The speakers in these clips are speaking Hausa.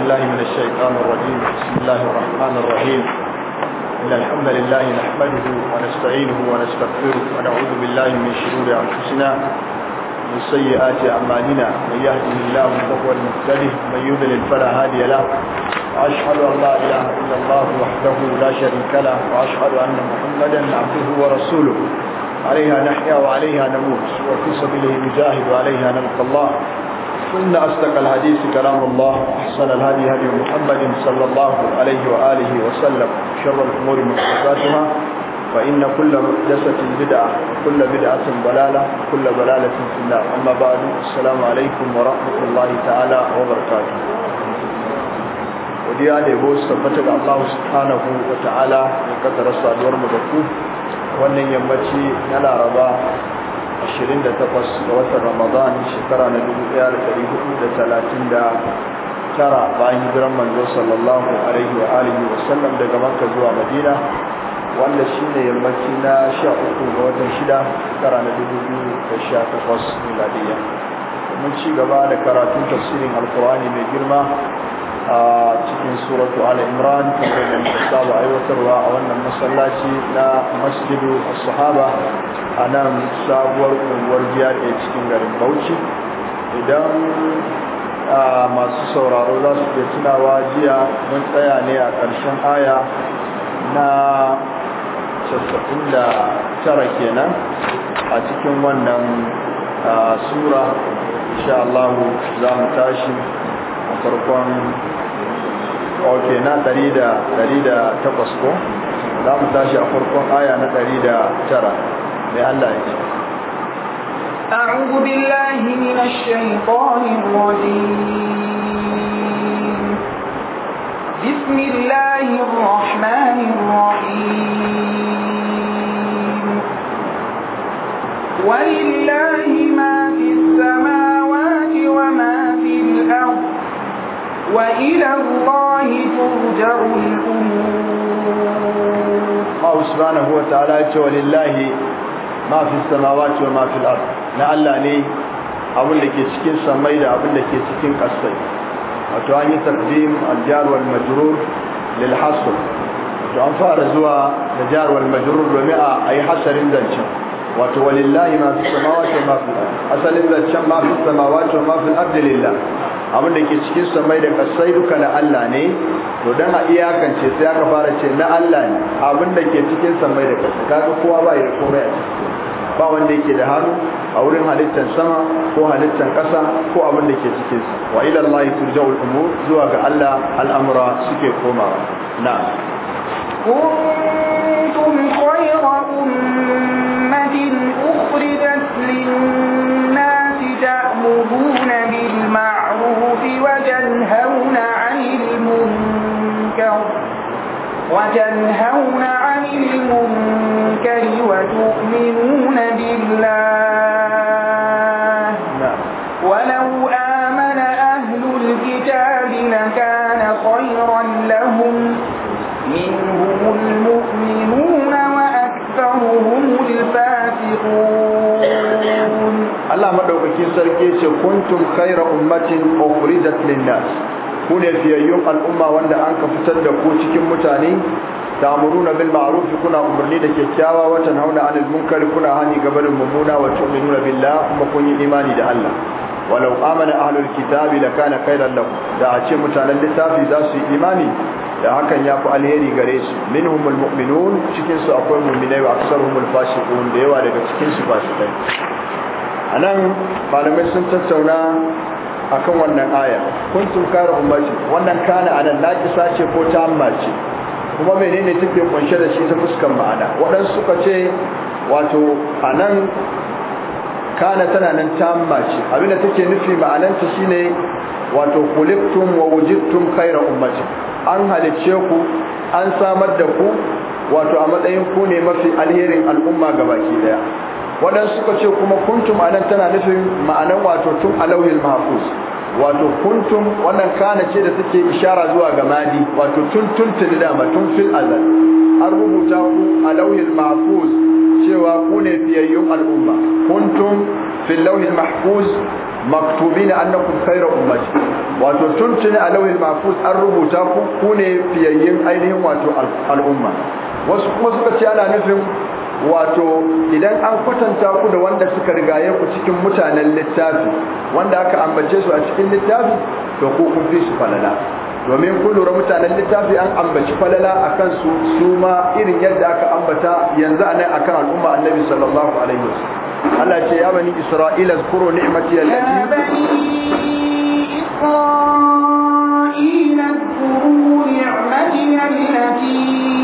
بالله من الشيطان الرجيم بسم الله الرحمن الرحيم إن الحمد لله نحمده ونستعينه ونستغفره ونعوذ بالله من شرور أنفسنا ومن سيئات أعمالنا من يهده الله فهو المهتدي من يضلل فلا هادي له وأشهد أن لا إله إلا الله وحده لا شريك له وأشهد أن محمدا عبده ورسوله عليها نحيا وعليها نموت وفي سبيله نجاهد وعليها نلقى الله إن أصدق الحديث كلام الله أحسن الهدي هدي محمد صلى الله عليه وآله وسلم شر الأمور محدثاتها فإن كل محدثة بدعة وكل بدعة ضلالة وكل ضلالة في النار أما بعد السلام عليكم ورحمة الله تعالى وبركاته godiya da yabo su tabbata ga Allah subhanahu wa ta'ala da kaddara saduwar mu da ku wannan yammaci na Laraba 28 ga watan ramadan shekara na 1439 bayan hijiran manzo sallallahu alaihi wa alihi wa sallam daga makka zuwa madina wanda shine yammaci na 13 ga watan 6 shekara na 2018 miladiya mun ci gaba da karatun tafsirin alkur'ani mai girma a cikin suratu al-imran kamar da muka saba aiwatarwa a wannan masallaci na masjidu as-sahaba a nan sabuwar unguwar jihar cikin garin bauchi idan masu sauraro za su iya tunawa jiya mun tsaya ne a ƙarshen aya na 99 kenan a cikin wannan sura insha Allah za mu tashi a farkon ok na da da 108 ko za mu tashi a farkon aya na da 109 mai Allah yake أعوذ بالله من الشيطان الرجيم بسم الله الرحمن الرحيم ولله ما في السماوات وما في الأرض وإلى الله ترجع الأمور الله سبحانه وتعالى ولله ما في السماوات وما في الأرض na Allah ne abin da ke cikin samai da abin da ke cikin ƙasai wato an yi taqdim al-jar wal majrur to an fara zuwa da jar domin a yi hatsarin zancen wato walillahi ma fi samawati wa ma fi asalin zancen ma fi samawati wa ma fi ardi lillah abin da ke cikin samai da kasai duka na Allah ne to dan a iyakance sai aka fara ce na Allah ne abin da ke cikin samai da kasai kaga kowa ba ya komai a cikin ba wanda yake da hannu a wurin halittar sama ko halittar ƙasa ko abin da ke cikin sa wa ila Allah turja'ul umur zuwa ga Allah al'amura suke komawa na'am kuntum khayra ummatin أخرجت للناس تأمرون بالمعروف وتنهون عن المنكر وتنهون عن المنكر وتؤمنون بالله Allah madaukakin sarki ce kuntum khayra ummatin ukhrijat lin ku ne fiyayyun al'umma wanda an ka fitar da ku cikin mutane ta'muruna bil ma'ruf kuna umarni da kyakkyawa wa tanhauna 'anil munkar kuna hani gaban mummuna wa tu'minuna billah kuma kun yi imani da Allah walau amana ahlul kitabi na khayran lahum da a ce mutanen littafi za su yi imani da hakan ya fi alheri gare su minhumul mu'minun cikin su akwai mu'minai wa aksaruhumul fasiqun da yawa daga cikin su fasikai a nan malamai sun tattauna akan wannan aya kuntum kare ummati wannan kana anan kisa ce ko ta amma ce kuma menene take kunshe da shi ta fuskan ma'ana waɗansu suka ce wato anan kana tana nan ta amma ce abinda take nufi ma'ananta shine wato kuliftum wa wujidtum khayra ummati an halicce ku an samar da ku wato a matsayin ku ne mafi alherin al'umma gabaki daya wadan suka ce kuma kuntum anan tana nufin ma'anan wato tun alawil mahfuz wato kuntum wannan kana ce da take ishara zuwa ga madi wato tun tun tuni dama tun fil azal an rubuta ku alawil mahfuz cewa ku ne fiyayyun al'umma kuntum fil lawhil mahfuz maktubina annakum khayra ummati wato tun a lauhin mahfuz an rubuta ku ku ne fiyayyin ainihin wato al'umma wasu kuma suka ce ana nufin wato idan an kwatanta ku da wanda suka rigaye ku cikin mutanen littafi wanda aka ambace su a cikin littafi to ku kun fi su falala domin ku lura mutanen littafi an ambaci falala a kansu su ma irin yadda aka ambata yanzu a nan akan al'umma annabi sallallahu alaihi wasallam Allah ce ya bani Isra'ila zkuru ni'mati allati ya bani Isra'ila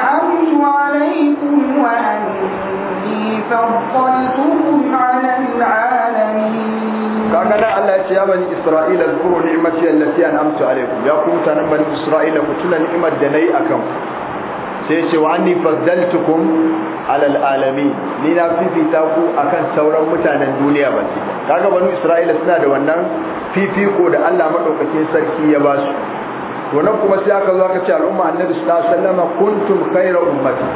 أنعمت عليكم وأني فضلتكم على العالمين kaga nan Allah ya ce ya bani Isra'ila zkuru ni'mati allati an'amtu alaykum ya kuma mutanen bani Isra'ila ku tuna ni'imar da nayi akan sai ya ce wa anni faddaltukum alal alami ni na fifita ku a kan sauran mutanen duniya ba kaga bani Isra'ila suna da wannan fifiko da Allah madaukakin sarki ya ba su to nan kuma sai aka zo aka ce al'umma annabi sallallahu alaihi wasallam kuntum khayra ummati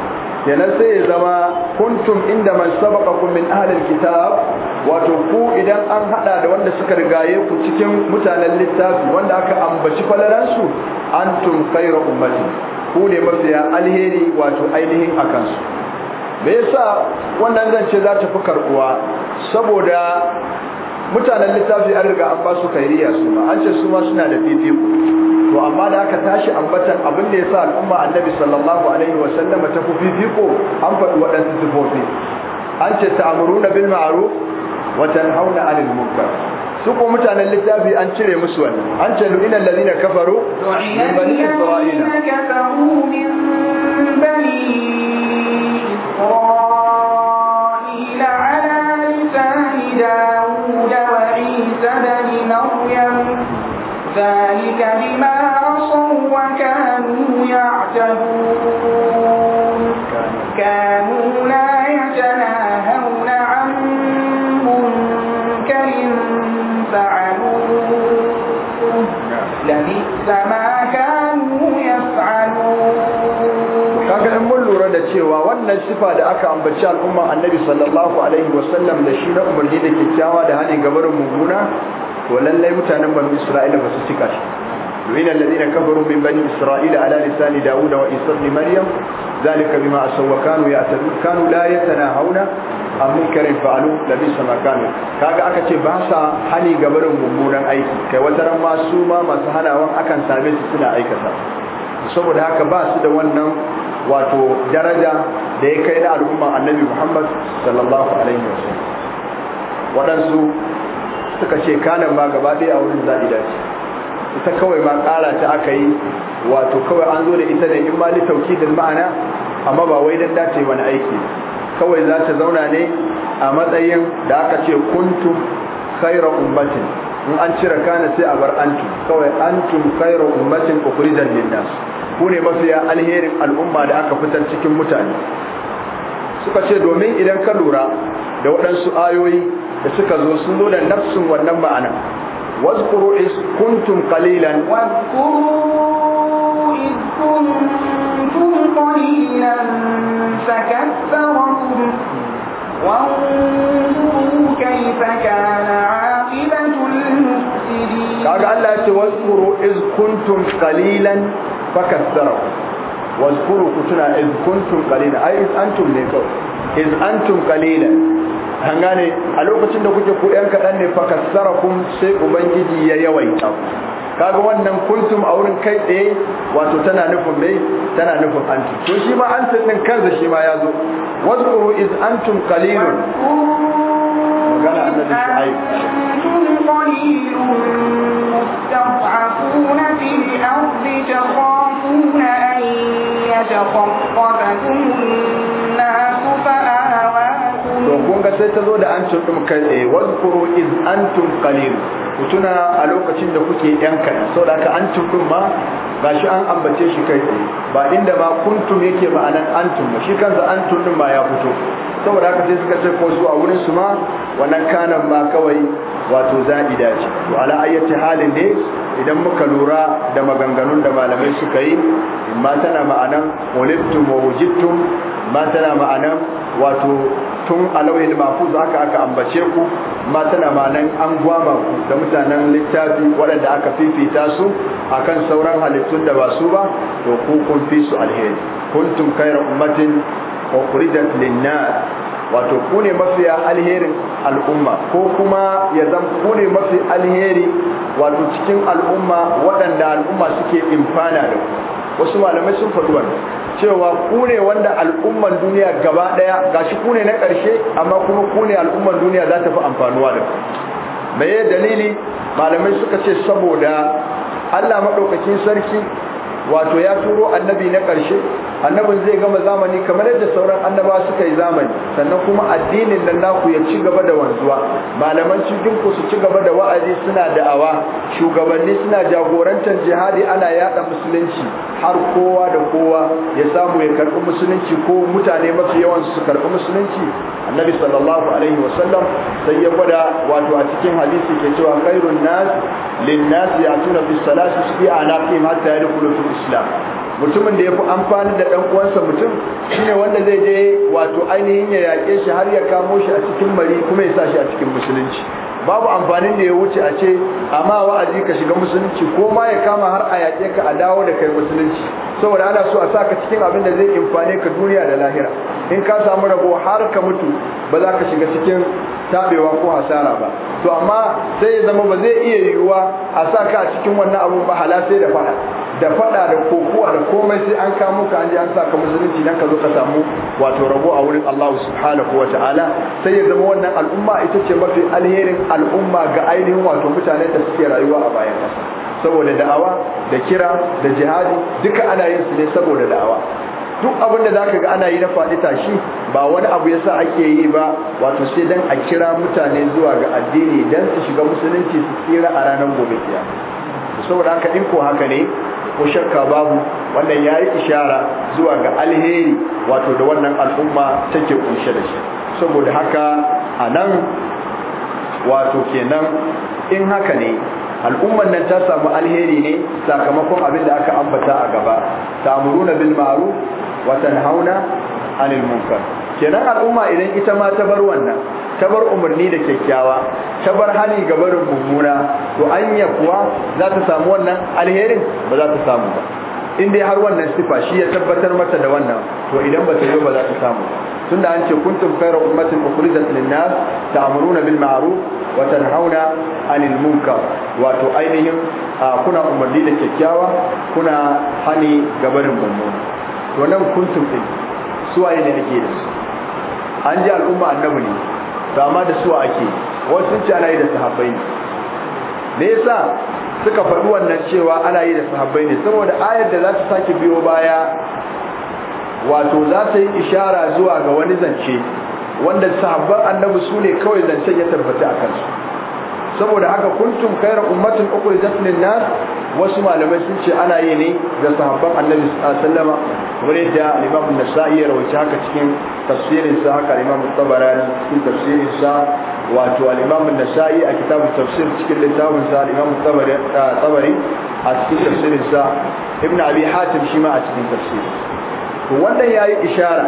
kenan sai ya zama kuntum inda man sabaqakum min ahli alkitab wato ku idan an hada da wanda suka rigaye ku cikin mutanen littafi wanda aka ambaci falalansu antum khayra ummati ku ne mafiya alheri wato ainihin akan su me yasa wannan zance za ta fi karbuwa saboda mutanen littafi an riga an ba su kairiya su ma an ce su ma suna da fifiko to amma da aka tashi ambatan abin da ya sa al'umma annabi sallallahu alaihi wa sallam ta ku fifiko an faɗi waɗansu sifofi an ce ta'muruna bil ma'ruf wa tanhauna 'anil munkar su ko mutanen littafi an cire musu wani an ce lu'ina allazina kafaru min bani isra'ila ala lisani ذلك بما عصوا وكانوا يعتدون كانوا لا يتناهون عن منكر فعلوه لبئس ما كانوا يفعلون kaga in mun lura da cewa wannan sifa da aka ambaci al'umma annabi sallallahu alaihi wasallam da shi na umarni da kyakkyawa da hali gabarin mummuna to lallai mutanen banu isra'ila ba su cika shi لعن min bani isra'ila ala lisani على wa isa ibn maryam zalika bima بما عصوا وكانوا kanu la لا يتناهون عن منكر فعلوا لبئس ما kanu kaga aka ce ba sa hani ga barin mummunan aiki kai wata ran ma su ma masu hanawan akan same su suna aikata saboda haka ba su da wannan wato daraja da ya kai na al'umma annabi Muhammad sallallahu alaihi wasallam waɗansu suka ce kanan ma gaba ɗaya a wurin zaɓi dace ita kawai ma ƙara ta aka yi wato kawai an zo da ita ne in ma ni da ma'ana amma ba wai dan dace wani aiki kawai za ta zauna ne a matsayin da aka ce kuntum khairu ummatin in an cire kana sai a bar antum kawai antum khairu ummatin ukhrijat lin nas ku ne mafiya alherin al'umma da aka fitar cikin mutane suka ce domin idan ka lura da waɗansu ayoyi da suka zo sun zo da nafsin wannan ma'ana واذكروا إذ كنتم قليلا واذكروا إذ كنتم قليلا فكثركم وانظروا كيف كان عاقبة المفسدين قال الله واذكروا إذ كنتم قليلا فكثركم واذكروا كتنا إذ كنتم قليلا أي إذ أنتم نكو إذ أنتم قليلا an gane a lokacin da kuke ku ɗan kaɗan ne kun sai ubangiji ya yawaita kaga wannan kuntum a wurin kai tsaye wato tana nufin mai tana nufin antu to shi ma antu din kansa shi ma ya zo wadkuru is antum qalilun magana annabi shu'aib مستضعفون في الأرض تخافون أن يتخطفكم sai ta zo da ce ɗin kai tsaye wadkuru iz antum qalil ku tuna a lokacin da kuke yan kan saboda ka antum ɗin ma gashi an ambace shi kai tsaye ba inda ma kuntum yake ma'anan antum ba shi kansa antum ɗin ma ya fito saboda haka sai suka ce ko su a wurin su ma wannan kanan ma kawai wato za'ida ce to ala ayyati halin ne idan muka lura da maganganun da malamai suka yi ma tana ma'anan ulibtum wa wujidtum ma tana ma'anan wato tun alawil za ka aka ambace ku ma tana ma'anan an gwama ku da mutanen littafi waɗanda aka fifita su akan sauran halittun da ba su ba to ku kun fi su alheri kuntum khayra ummatin ukhrijat lin wato ku ne mafiya alherin al'umma ko kuma ya zan ku ne mafi alheri wato cikin al'umma waɗanda al'umma suke imfana da ku wasu malamai sun faɗi wannan cewa ku ne wanda al'umman duniya gaba ɗaya gashi ku ne na ƙarshe amma kuma ku ne al'umman duniya za ta fi amfanuwa da me dalili malamai suka ce saboda Allah maɗaukakin sarki wato ya turo annabi na ƙarshe annabin zai gama zamani kamar yadda sauran annaba suka yi zamani sannan kuma addinin nan naku ya ci gaba da wanzuwa malaman cikin ku su ci gaba da wa'azi suna da'awa shugabanni suna jagorantar jihadi ana yada musulunci har kowa da kowa ya samu ya karbi musulunci ko mutane mafi yawan su karbi musulunci annabi sallallahu alaihi wasallam sai ya gwada wato a cikin hadisi ke cewa khairun nas lin nas ya'tuna bis salati fi anaqihim hatta yadkhulu islam mutumin da ya fi amfani da ɗan uwansa mutum shi ne wanda zai je wato ainihin ya yaƙe shi har ya kamo shi a cikin mari kuma ya sa shi a cikin musulunci babu amfanin da ya wuce a ce amma wa'azi ka shiga musulunci ko ma ya kama har a yaƙe ka a dawo da kai musulunci saboda ana so a sa ka cikin abin da zai amfane ka duniya da lahira in ka samu rabo har ka mutu ba za ka shiga cikin tabewa ko hasara ba to amma sai ya zama ba zai iya yiwuwa a sa ka a cikin wannan abun ba hala sai da faɗa. da fada da kokuwa da komai sai an kamo ka an je an saka musulunci nan ka zo ka samu wato rabo a wurin Allah subhanahu ta'ala. sai ya zama wannan al'umma ita ce mafi alherin al'umma ga ainihin wato mutanen da suke rayuwa a bayan kasa saboda da'awa da kira da jihadi duka ana yin su ne saboda da'awa duk abin da zaka ga ana yi na faɗi tashi ba wani abu yasa ake yi ba wato sai dan a kira mutane zuwa ga addini dan su shiga musulunci su tsira a ranar gobe kiyama saboda haka in ko haka ne ko shakka babu wannan ya yi ishara zuwa ga alheri wato da wannan al'umma take kunshe da shi saboda haka a nan wato kenan in haka ne al'ummar nan ta samu alheri ne sakamakon abin da aka ambata a gaba ta'muruna bil ma'ruf wa tanhauna 'anil munkar kenan al'umma idan ita ma ta bar wannan ta bar umarni da kyakkyawa ta bar hani ga barin mummuna to anya kuwa za ta samu wannan alherin ba za ta samu ba in dai har wannan sifa shi ya tabbatar mata da wannan to idan ba ta yi ba za ta samu tunda an ce kuntum khayra ummatin ukhrijat lin-nas ta'muruna bil ma'ruf wa tanhauna 'anil munkar wato ainihin kuna umarni da kyakkyawa kuna hani ga barin mummuna to nan kuntum din suwaye ne ake da su an ji al'umma annabi ne amma da suwa ake wasu sun ce ana yi da sahabbai ne me yasa suka faɗi wannan cewa ana yi da sahabbai ne saboda ayar da za ta sake biyo baya wato za ta yi ishara zuwa ga wani zance wanda sahabban annabi su ne kawai zancen ya tarbata a kansu saboda haka kuntum khayra ummatin ukhrijat lin nas wasu malamai sun ce ana yi ne da sahabban annabi sallama wani da imam nasa'i ya rawaci haka cikin tafsirin sa haka imam tabarani cikin tafsirin sa wato al-imam nasa'i a kitabun tafsir cikin littafin sa al-imam tabari a cikin tafsirin sa ibn abi hatim shi ma a cikin tafsir to wannan yayi ishara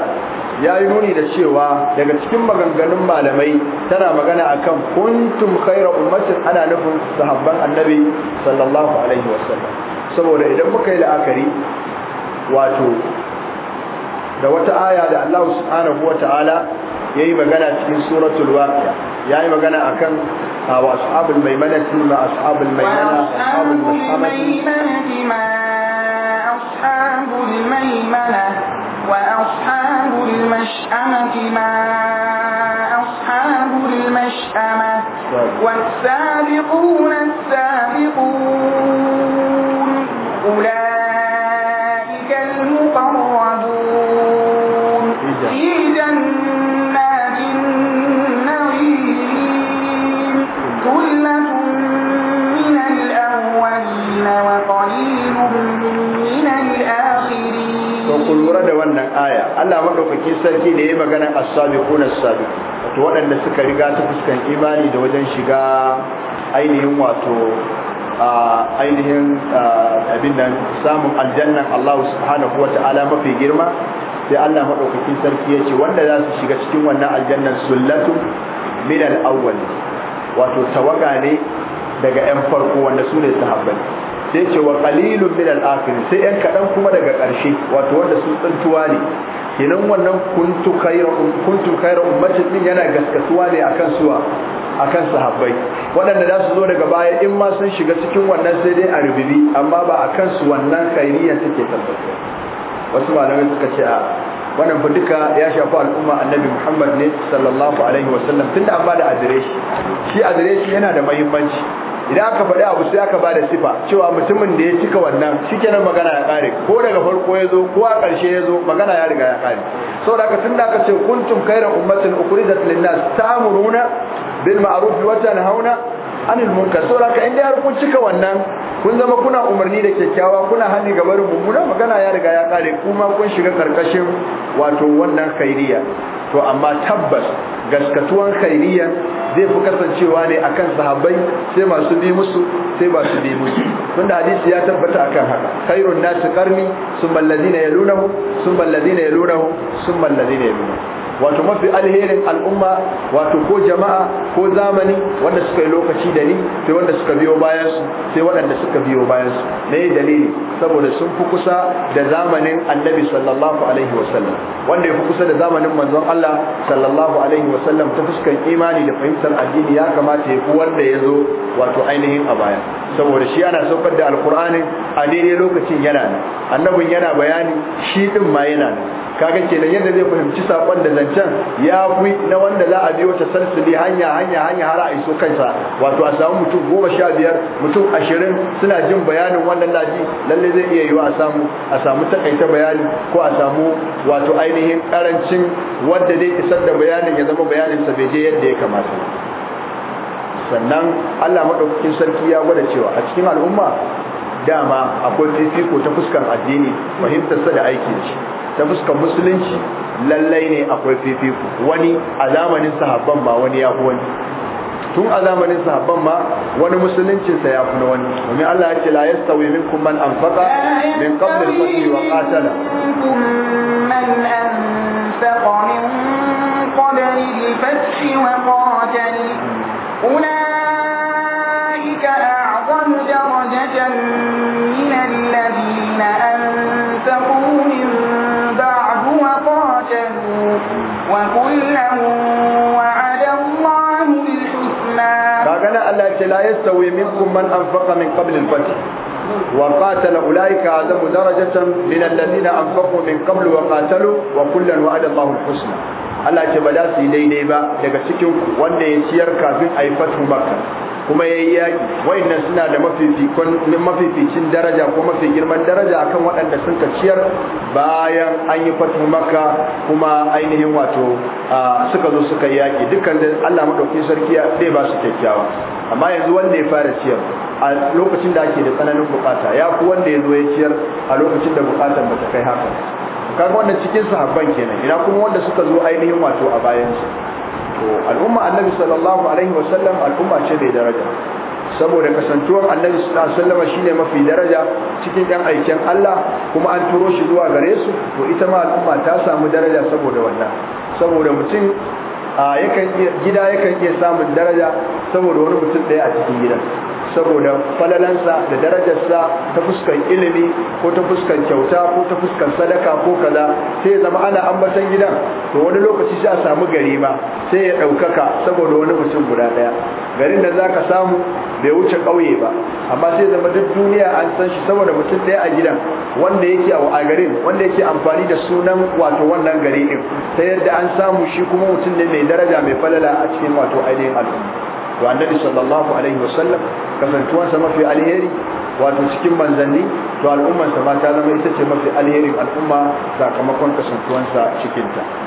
ya yi nuni da cewa daga cikin maganganun malamai tana magana akan kuntum khaira ummatin ana nufin sahabban annabi sallallahu alaihi wasallam saboda idan muka yi la'akari wato da wata aya da Allah subhanahu wataala yi magana cikin suratul waqi'a yi magana akan wa ashabul maimanati ma ashabul maimana ashabul maimanati ma ashabul maimana وأصحاب المشأمة ما أصحاب المشأمة طيب. والسابقون السابقون Allah madaukakin sarki da yi magana as-sabiqun as-sabiq wato waɗanda suka riga ta fuskan imani da wajen shiga ainihin wato ainihin abin da samun aljannan Allah subhanahu wata'ala mafi girma sai Allah madaukakin sarki yace wanda za su shiga cikin wannan aljannan sullatu min al-awwal wato tawaga ne daga ƴan farko wanda su ne sahabbai sai ce wa qalilun min al-akhirin sai ƴan kadan kuma daga ƙarshe wato wanda sun tsantuwa ne kenan wannan kuntu khayra um, kuntu khayra ummatin din yana gaskatuwa ne akan suwa akan sahabbai waɗanda za su zo daga baya in ma sun shiga cikin wannan sai dai a rububi amma ba akan su wannan khairiyya take tabbata wasu malamai suka ce a wannan fa duka ya shafi al'umma annabi Muhammad ne sallallahu alaihi wasallam tunda an ba da adireshi shi adireshi yana da muhimmanci idan aka faɗi abu sai aka ba da sifa cewa mutumin da ya cika wannan shikenan magana ya kare ko daga farko ya zo ko a ƙarshe ya zo magana ya riga ya kare da haka tunda aka ce kuntum khairan ummatin ukhrijat lin ta'muruna bil ma'ruf wa tanhauna 'anil munkar saboda haka inda har kun cika wannan kun zama kuna umarni da kyakkyawa kuna hannu ga barin mummuna magana ya riga ya kare kuma kun shiga karkashin wato wannan khairiyya to amma tabbas gaskatuwan khairiyya zai fi kasancewa ne akan sahabbai sai masu bi musu sai ba su bi musu tunda hadisi ya tabbata akan haka khairun nasu qarni summa alladhina yalunahu sun alladhina yalunahu summa alladhina yalunahu wato mafi alherin al'umma wato ko jama'a ko zamani wanda suka yi lokaci da ni sai wanda suka biyo bayan su sai waɗanda suka biyo bayan su ne dalili saboda sun fi kusa da zamanin annabi sallallahu alaihi wasallam wanda ya fi kusa da zamanin manzon Allah sallallahu alaihi wasallam ta fuskar imani da fahimtar addini ya kamata ya fi wanda ya zo wato ainihin a baya saboda shi ana saukar da alkur'ani a daidai lokacin yana nan annabin yana bayani shi din ma yana nan kaga kenan yadda zai fahimci sakon da zancen ya fi na wanda za a biyo ta sansili hanya hanya hanya har a iso kansa wato a samu mutum goma sha biyar mutum ashirin suna jin bayanin wannan laji lalle zai iya yiwa a samu a samu takaita bayani ko a samu wato ainihin karancin wanda zai isar da bayanin ya zama bayanin sa bai je yadda ya kamata sannan Allah madaukakin sarki ya gwada cewa a cikin al'umma dama akwai fifiko ta fuskar addini fahimtar sa da aiki shi ta fuskar musulunci lallai ne akwai fifiko wani a zamanin sahabban ma wani ya wani tun a zamanin sahabban ma wani musuluncinsa ya fi na wani domin Allah ya ce la yastawi minkum man anfaqa min qabl al-fath wa qatala man anfaqa min qabl al wa qatala ulaika a'zamu darajatan min alladhina anfaqu وكلا وعد الله الحسنى لا يستوي منكم من انفق من قبل الفتح وقاتل أولئك أعظم درجة من الذين أنفقوا من قبل وقاتلوا وكلا وعد الله الحسنى Allah ce ba za su yi daidai ba daga cikin wanda ya ciyar kafin a yi fatu makka kuma ya yi yaƙi wayannan suna da mafificin daraja ko mafi girman daraja akan waɗanda sun ka ciyar bayan an yi fatu maka kuma ainihin wato suka zo suka yi yaƙi dukkan da Allah maɗauki sarki zai ba su kyakkyawa amma yanzu wanda ya fara ciyar a lokacin da ake da tsananin bukata ya fi wanda ya zo ya ciyar a lokacin da bukatar ba ta kai haka kaga wanda cikin sahabban kenan ina kuma wanda suka zo ainihin wato a bayan su to al'umma annabi sallallahu alaihi wasallam al'umma ce mai daraja saboda kasantuwar annabi sallallahu alaihi wasallam shine mafi daraja cikin yan aikin Allah kuma an turo shi zuwa gare su to ita ma al'umma ta samu daraja saboda wannan saboda mutum a gida yakan iya samun daraja saboda wani mutum ɗaya a cikin gidan saboda falalansa da darajarsa ta fuskan ilimi ko ta fuskan kyauta ko ta fuskan sadaka ko kaza sai ya zama ana ambatan gidan to wani lokaci sai a samu gari ba sai ya ɗaukaka saboda wani mutum guda ɗaya garin da za ka samu bai wuce ƙauye ba amma sai zama duk duniya an san shi saboda mutum ɗaya a gidan wanda yake a garin wanda yake amfani da sunan wato wannan gari ɗin ta yadda an samu shi kuma mutum ne mai daraja mai falala a cikin wato ainihin al'umma to annabi sallallahu alaihi wasallam kasantuwansa mafi alheri wato cikin manzanni to al'ummarsa ma ta zama ita ce mafi alherin al'umma sakamakon kasantuwansa cikinta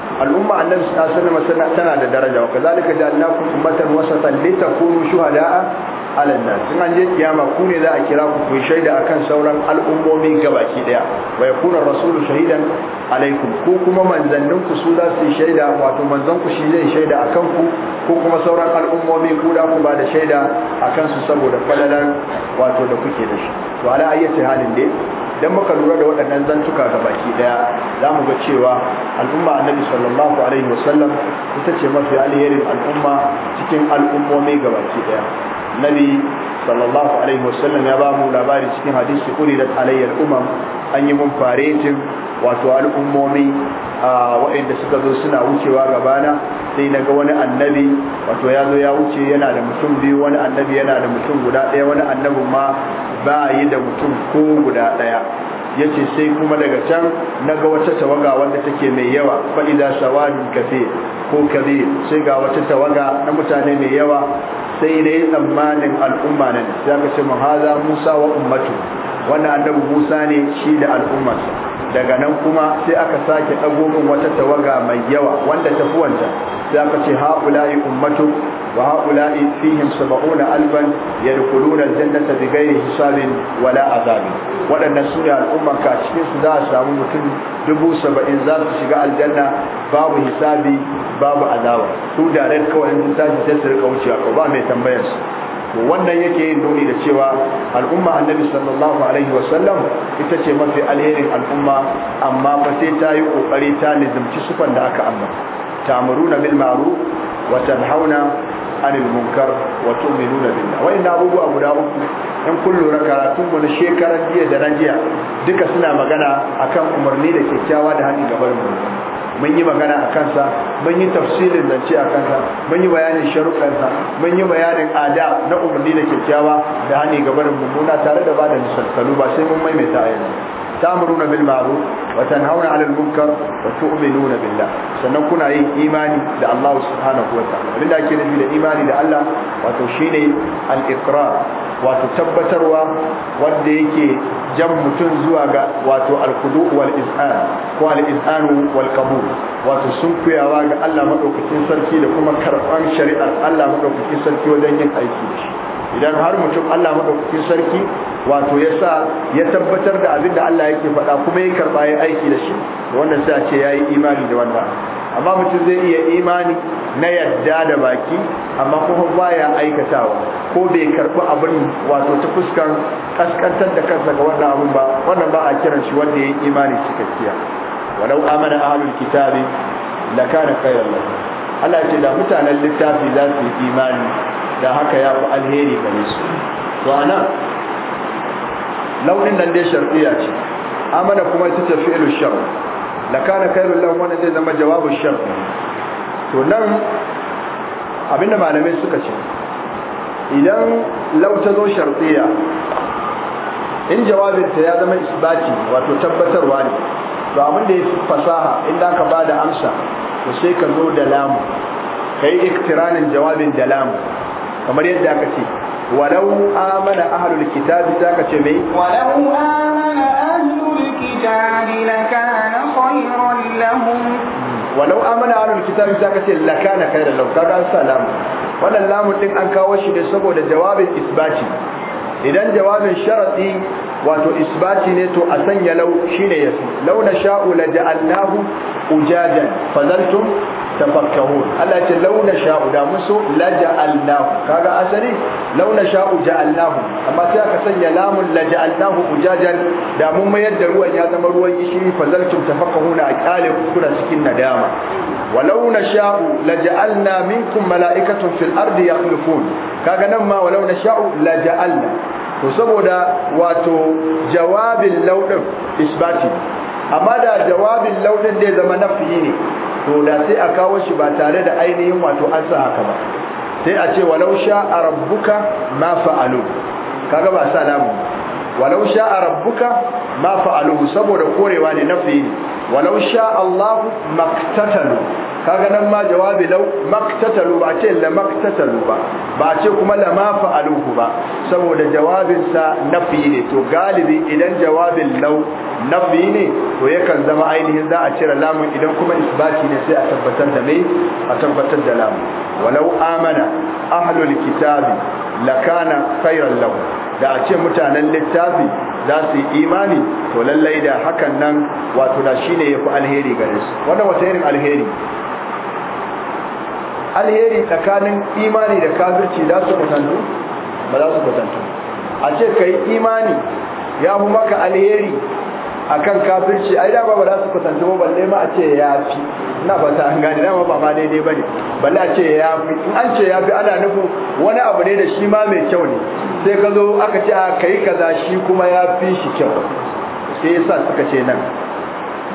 al'umma annabi sallallahu alaihi tana da daraja wa kazalika ja'alnakum ummatan wasatan litakunu shuhada'a 'ala nas in an je kiyama ku ne za a kira ku ku shaida akan sauran al'ummomi gabaki daya wa yakuna rasulu shahidan alaikum ko kuma manzannin ku su za su shaida wato manzon ku shi zai shaida akan ku ko kuma sauran al'ummomi ku da ku ba da shaida akan su saboda falalan wato da kuke da shi to ala ayyati halin dai idan muka lura da waɗannan zantuka ga baki daya za mu ga cewa al'umma annabi sallallahu alaihi wasallam ita ce mafi alherin al'umma cikin al'ummomi ga baki daya nabi sallallahu alaihi wasallam ya ba mu labari cikin hadisi da alayyal umam an yi mun faretin wato al'ummomi waɗanda suka zo suna wucewa gabana sai na ga wani annabi wato ya zo ya wuce yana da mutum biyu wani annabi yana da mutum guda ɗaya wani annabin ma ba yi da mutum ko guda ɗaya Ya ce sai kuma daga can na ga wata tawaga wanda take mai yawa fa idza sawadin ko kare sai ga wata tawaga na mutane mai yawa sai dai tsammanin al'umma nan ka ce mu haza Musa wa ummatu wanda annabi Musa ne shi da al'ummarsa daga nan kuma sai aka sake ɗagomin wata tawaga mai yawa wanda tafi sai aka ce haƙula'i ummatu wa haƙula'i fihim saba'una alban yadkhuluna aljannata bighayri hisabin wala azabin waɗannan su ne al'umman ka cikin su za a samu mutum dubu saba'in za su shiga aljanna babu hisabi babu azaba su da kawai sun tashi sai su rika wucewa ko ba mai tambayar su to wannan yake yin nuni da cewa al'umma annabi sallallahu alaihi wasallam ita ce mafi alherin al'umma amma fa sai ta yi kokari ta nizamci sufan da aka ambata ta'muruna bil ma'ruf wa tanhauna anil munkar wa tu'minuna billah wa inna abubuwa guda uku in kun lura karatun shekaran jiya da na jiya duka suna magana akan umarni da kyakkyawa da hani gabar mu mun yi magana a kansa mun yi tafsirin zance a kansa mun yi bayanin sharuɗansa mun yi bayanin ada na umarni da kyakkyawa da hannu gabarin mummuna tare da ba da misalsalu ba sai mun maimaita a yanzu ta'muruna bil ma'ruf wa tanhauna 'anil munkar wa tu'minuna billah sannan kuna yin imani da Allah subhanahu wa ta'ala abinda ake nufi da imani da Allah wato shine al-iqrar wato tabbatarwa wanda yake jan mutum zuwa ga wato al-qudu ko al-iz'an wato sun ga Allah madaukakin sarki da kuma karɓar shari'ar Allah madaukakin sarki wajen yin aiki da shi idan har mutum Allah madaukakin sarki wato ya sa ya tabbatar da abin da Allah yake faɗa kuma ya karɓa ya aiki da shi wannan sai a ce ya yi imani da wannan amma mutum zai iya imani na yadda da baki amma kuma baya aikatawa ko bai karɓi abin wato ta fuskar kaskantar da kansa ga wannan abin ba wannan ba a kiran shi wanda ya yi imani cikakkiya walau amana ahlul kitabi lakana khayran lahum Allah ce da mutanen littafi za su yi imani da haka ya fi alheri gare su to ana launin nan dai shar'iyya ce amana kuma ita ce fi'lu shar la kana khairul lahum wannan zai zama jawabu shar to nan abinda malamai suka ce idan lau ta zo shar'iyya in jawabinta ya zama isbati wato tabbatarwa ne to abin da ya fi fasaha in da ka bada amsa to sai ka zo da lamu kai iktiranin jawabin da lamu kamar yadda aka ce walau amana ahlul kitabi ta ka ce mai walau amana ahlul kitabi lakana khayran lahum walau amana ahlul kitabi ta ka ce lakana khayran lahum kaga an sa lamu wannan lamu din an kawo shi ne saboda jawabin isbati idan jawabin sharadi wato isbati ne to a sanya lau shine yasu launa na sha'u la ja'alnahu ujajan fazaltum tafakkarun Allah ce launa sha'u da musu la ja'alnahu kaga asali launa sha'u ja'alnahu amma sai aka sanya lamun la ja'alnahu ujajan da mun mayar da ruwan ya zama ruwan gishiri fa zalkum tafakkahun a kyale kuna cikin nadama Wa walau nasha'u laja'alna minkum mala'ikatun fil ardi yakhlufun kaga nan ma wa launa sha'u laja'alna to saboda wato jawabin laudin isbati amma da jawabin laudin da zama nafi ne to da sai a kawo shi ba tare da ainihin wato an sa haka ba sai a ce walau sha a rabbuka ma fa'alu kaga ba sa namu walau a rabbuka ma fa'aluhu saboda korewa ne nafi walau sha Allahu maktatalu kaga nan ma jawabi lau maktatalu ba ce la maktatalu ba ba ce kuma la ma fa'aluhu ba saboda jawabin sa nafi ne to galibi idan jawabin lau nafi ne to yakan zama ainihin za a cire lamun idan kuma isbati ne sai a tabbatar da mai a tabbatar da lamun walau amana ahlul kitabi lakana khairan lahu da a ce mutanen littafi za su yi imani to lallai da hakan nan wato da shine yafi alheri gare su wannan wata irin alheri alheri tsakanin imani da kafirci za su kusantu ba za su kusantu a ce kai imani ya fi maka alheri akan kafirci ai da ba za su kusanci ba balle ma a ce ya fi ina ba ta an gane dama ba ma daidai bane balle a ce ya fi in an ce ya fi ana nufin wani abu ne da shi ma mai kyau ne sai ka zo aka ce a kai kaza shi kuma ya fi shi kyau sai yasa suka ce nan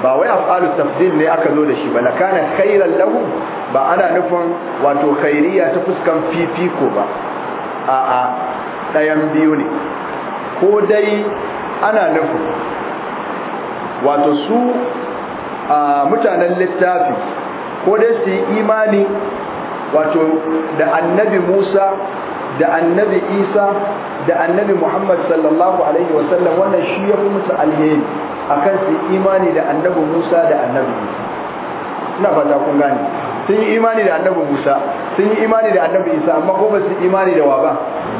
ba wai af'alu tafdil ne aka zo da shi ba lakana khairan lahu ba ana nufin wato khairiya ta fuskan fifiko ba a'a ɗayan biyu ne ko dai ana nufin wato su mutanen littafi ko dai su yi imani wato da annabi Musa da annabi Isa da annabi Muhammad sallallahu alaihi wasallam wannan shi ya fi musu alheri akan su imani da annabi Musa da annabi Isa ina fata kun gane sun yi imani da annabi Musa sun yi imani da annabi Isa amma ko ba su imani da wa ba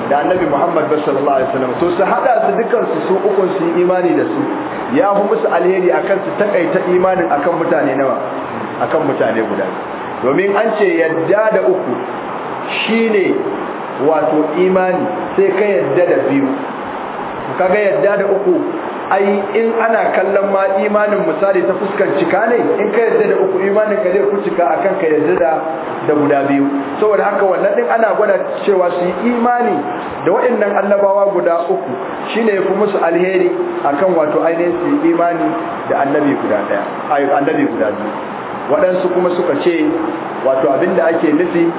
da annabi Muhammad sallallahu alaihi wasallam to su hada su dukkan su su uku su yi imani da su ya fi musu alheri akan su takaita imanin akan mutane nawa akan mutane guda domin an ce yadda da uku shine wato imani sai ka yadda da biyu kaga yadda da uku ai in ana kallon ma imanin misali ta fuskar cika ne in ka yarda da uku imanin ka zai a kan ka yarda da da guda biyu saboda haka wannan din ana gwada cewa su yi imani da waɗannan annabawa guda uku shine ya fi musu alheri akan wato ainihin su yi imani da annabi guda ɗaya ayu annabi guda biyu waɗansu kuma suka ce wato abinda ake nufi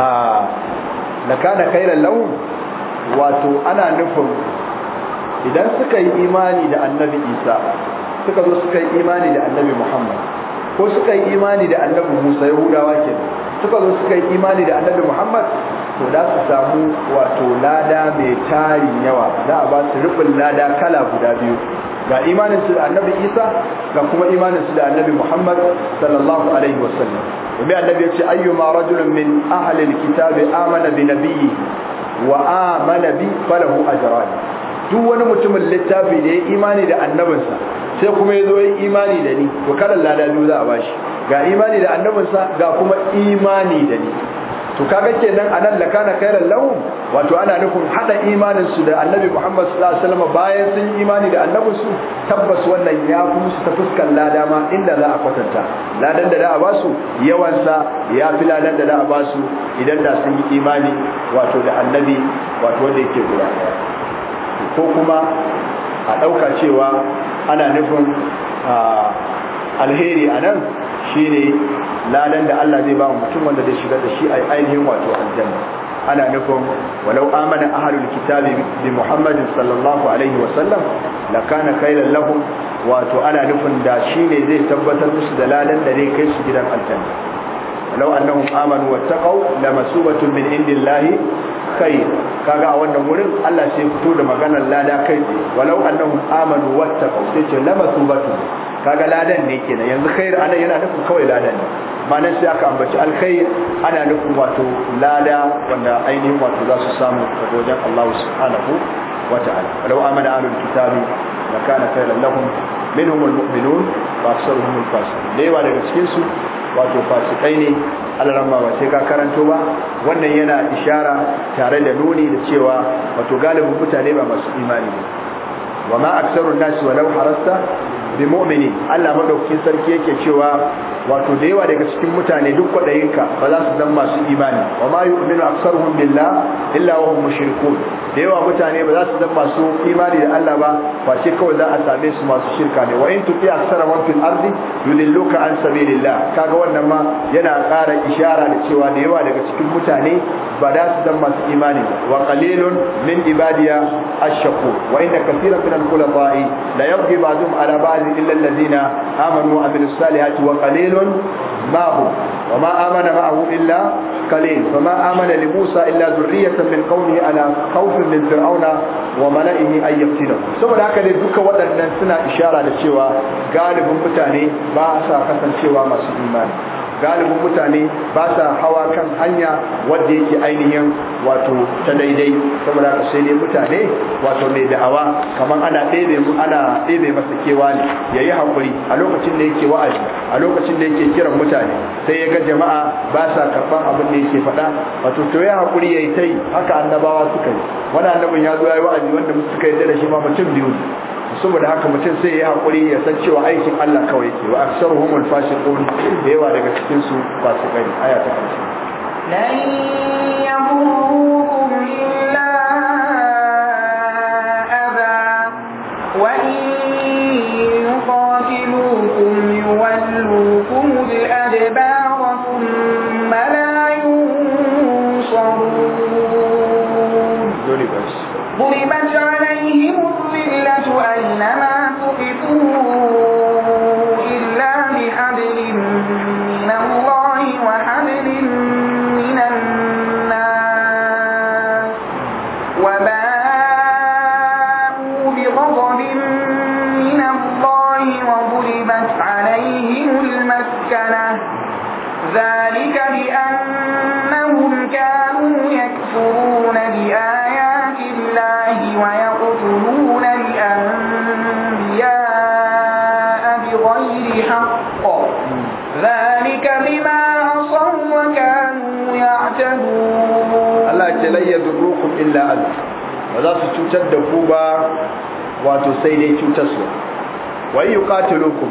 a kana khairan lahum wato ana nufin idan suka yi imani da annabi isa suka zo suka yi imani da annabi muhammad ko suka yi imani da annabi musa yahudawa ke suka zo suka yi imani da annabi muhammad to za su samu wato lada mai tarin yawa za a ba su rufin lada kala guda biyu ga imanin su da annabi isa ga kuma imanin su da annabi muhammad sallallahu alaihi wasallam domin annabi ya ce ayyuma rajulun min ahlil kitabi amana bi nabiyyi wa amana bi falahu ajran duk wani mutumin littafi da ya imani da annabinsa sai kuma ya zo ya imani da ni to kalan lada biyu za a bashi ga imani da annabinsa ga kuma imani da ni to kaga kenan anan la kana khairan lahum wato ana nufin hada imanin su da annabi Muhammad sallallahu alaihi wasallam bayan sun imani da annabinsu, tabbas wannan ya fi musu ta fuskar lada inda za a kwatanta ladan da za a basu yawan sa ya fi ladan da za a basu idan da sun yi imani wato da annabi wato wanda yake guda ko kuma a ɗauka cewa ana nufin alheri a nan shine ladan da Allah zai ba mutum wanda zai shigar da shi a ainihin wato aljanna ana nufin walau amana ahlul kitabi bi muhammadin sallallahu alaihi wa sallam lakana khairan lahum wato ana nufin da shine zai tabbatar musu da ladan da zai kai su gidan aljanna walau annahum amanu wattaqau lamasubatu min indillahi kai kaga a wannan wurin Allah sai fito da maganar lada kai tsaye walau annahum amanu wattaqu sai ce lamasu batu kaga ladan ne kenan yanzu khair ana yana nufin kawai ladan ne ma'anar sai aka ambaci alkhair ana nufin wato lada wanda ainihin wato za su samu daga wajen Allah subhanahu wa ta'ala walau amana ahlul kitabi la kana khairan lahum minhum almu'minun wa aktsaruhum alfasiqun da daga cikin su wato fasikai ne alarama ba sai ka karanto ba wannan yana ishara tare da nuni da cewa wato galibin mutane ba masu imani ne wa ma aksarun nasi walau harasta bi mu'mini Allah madaukakin sarki yake cewa wato da yawa daga cikin mutane duk kwadayinka ba za su zama masu imani wa ma yu'minu aktsaruhum billah illa wa hum mushrikun da yawa mutane ba za su zama masu imani da Allah ba face kawai za a same su masu shirka ne wa in tuti aksara man fil ardi yudilluka an sabilillah kaga wannan ma yana ƙara ishara da cewa da yawa daga cikin mutane ba za su zama masu imani wa qalilun min ibadiya ash-shakur wa inna kaseeran min al-khulafa'i la yabghi ba'dhum ala ba'd إلا الذين آمنوا وعملوا الصالحات وقليل معهم وما آمن معه إلا قليل فما آمن لموسى إلا ذرية من قومه على خوف من فرعون وملئه أن يفتنه ثم هكذا دوك ودن سنة إشارة لسوى غالب متاني ما أسا قسم سوى ما سيدي galibin mutane ba sa hawa kan hanya wadda yake ainihin wato ta daidai saboda haka sai dai mutane wato mai da'awa kamar ana ɗebe ana ɗebe masa kewa ne yayi hakuri a lokacin da yake wa'azi a lokacin da yake kiran mutane sai ya ga jama'a ba sa karɓar abin da yake faɗa wato to ya hakuri yayi tai haka annabawa suka yi wani annabin ya zo yi wa'azi wanda suka yi da shi ma mutum biyu saboda haka mutum sai ya haƙuri ya san cewa aikin Allah kawai yake wa fashin fasiqun da yawa daga cikin su fasikai aya ta ƙarshe lan cutar da ku ba wato sai dai cutarsu wa yi yuqatilukum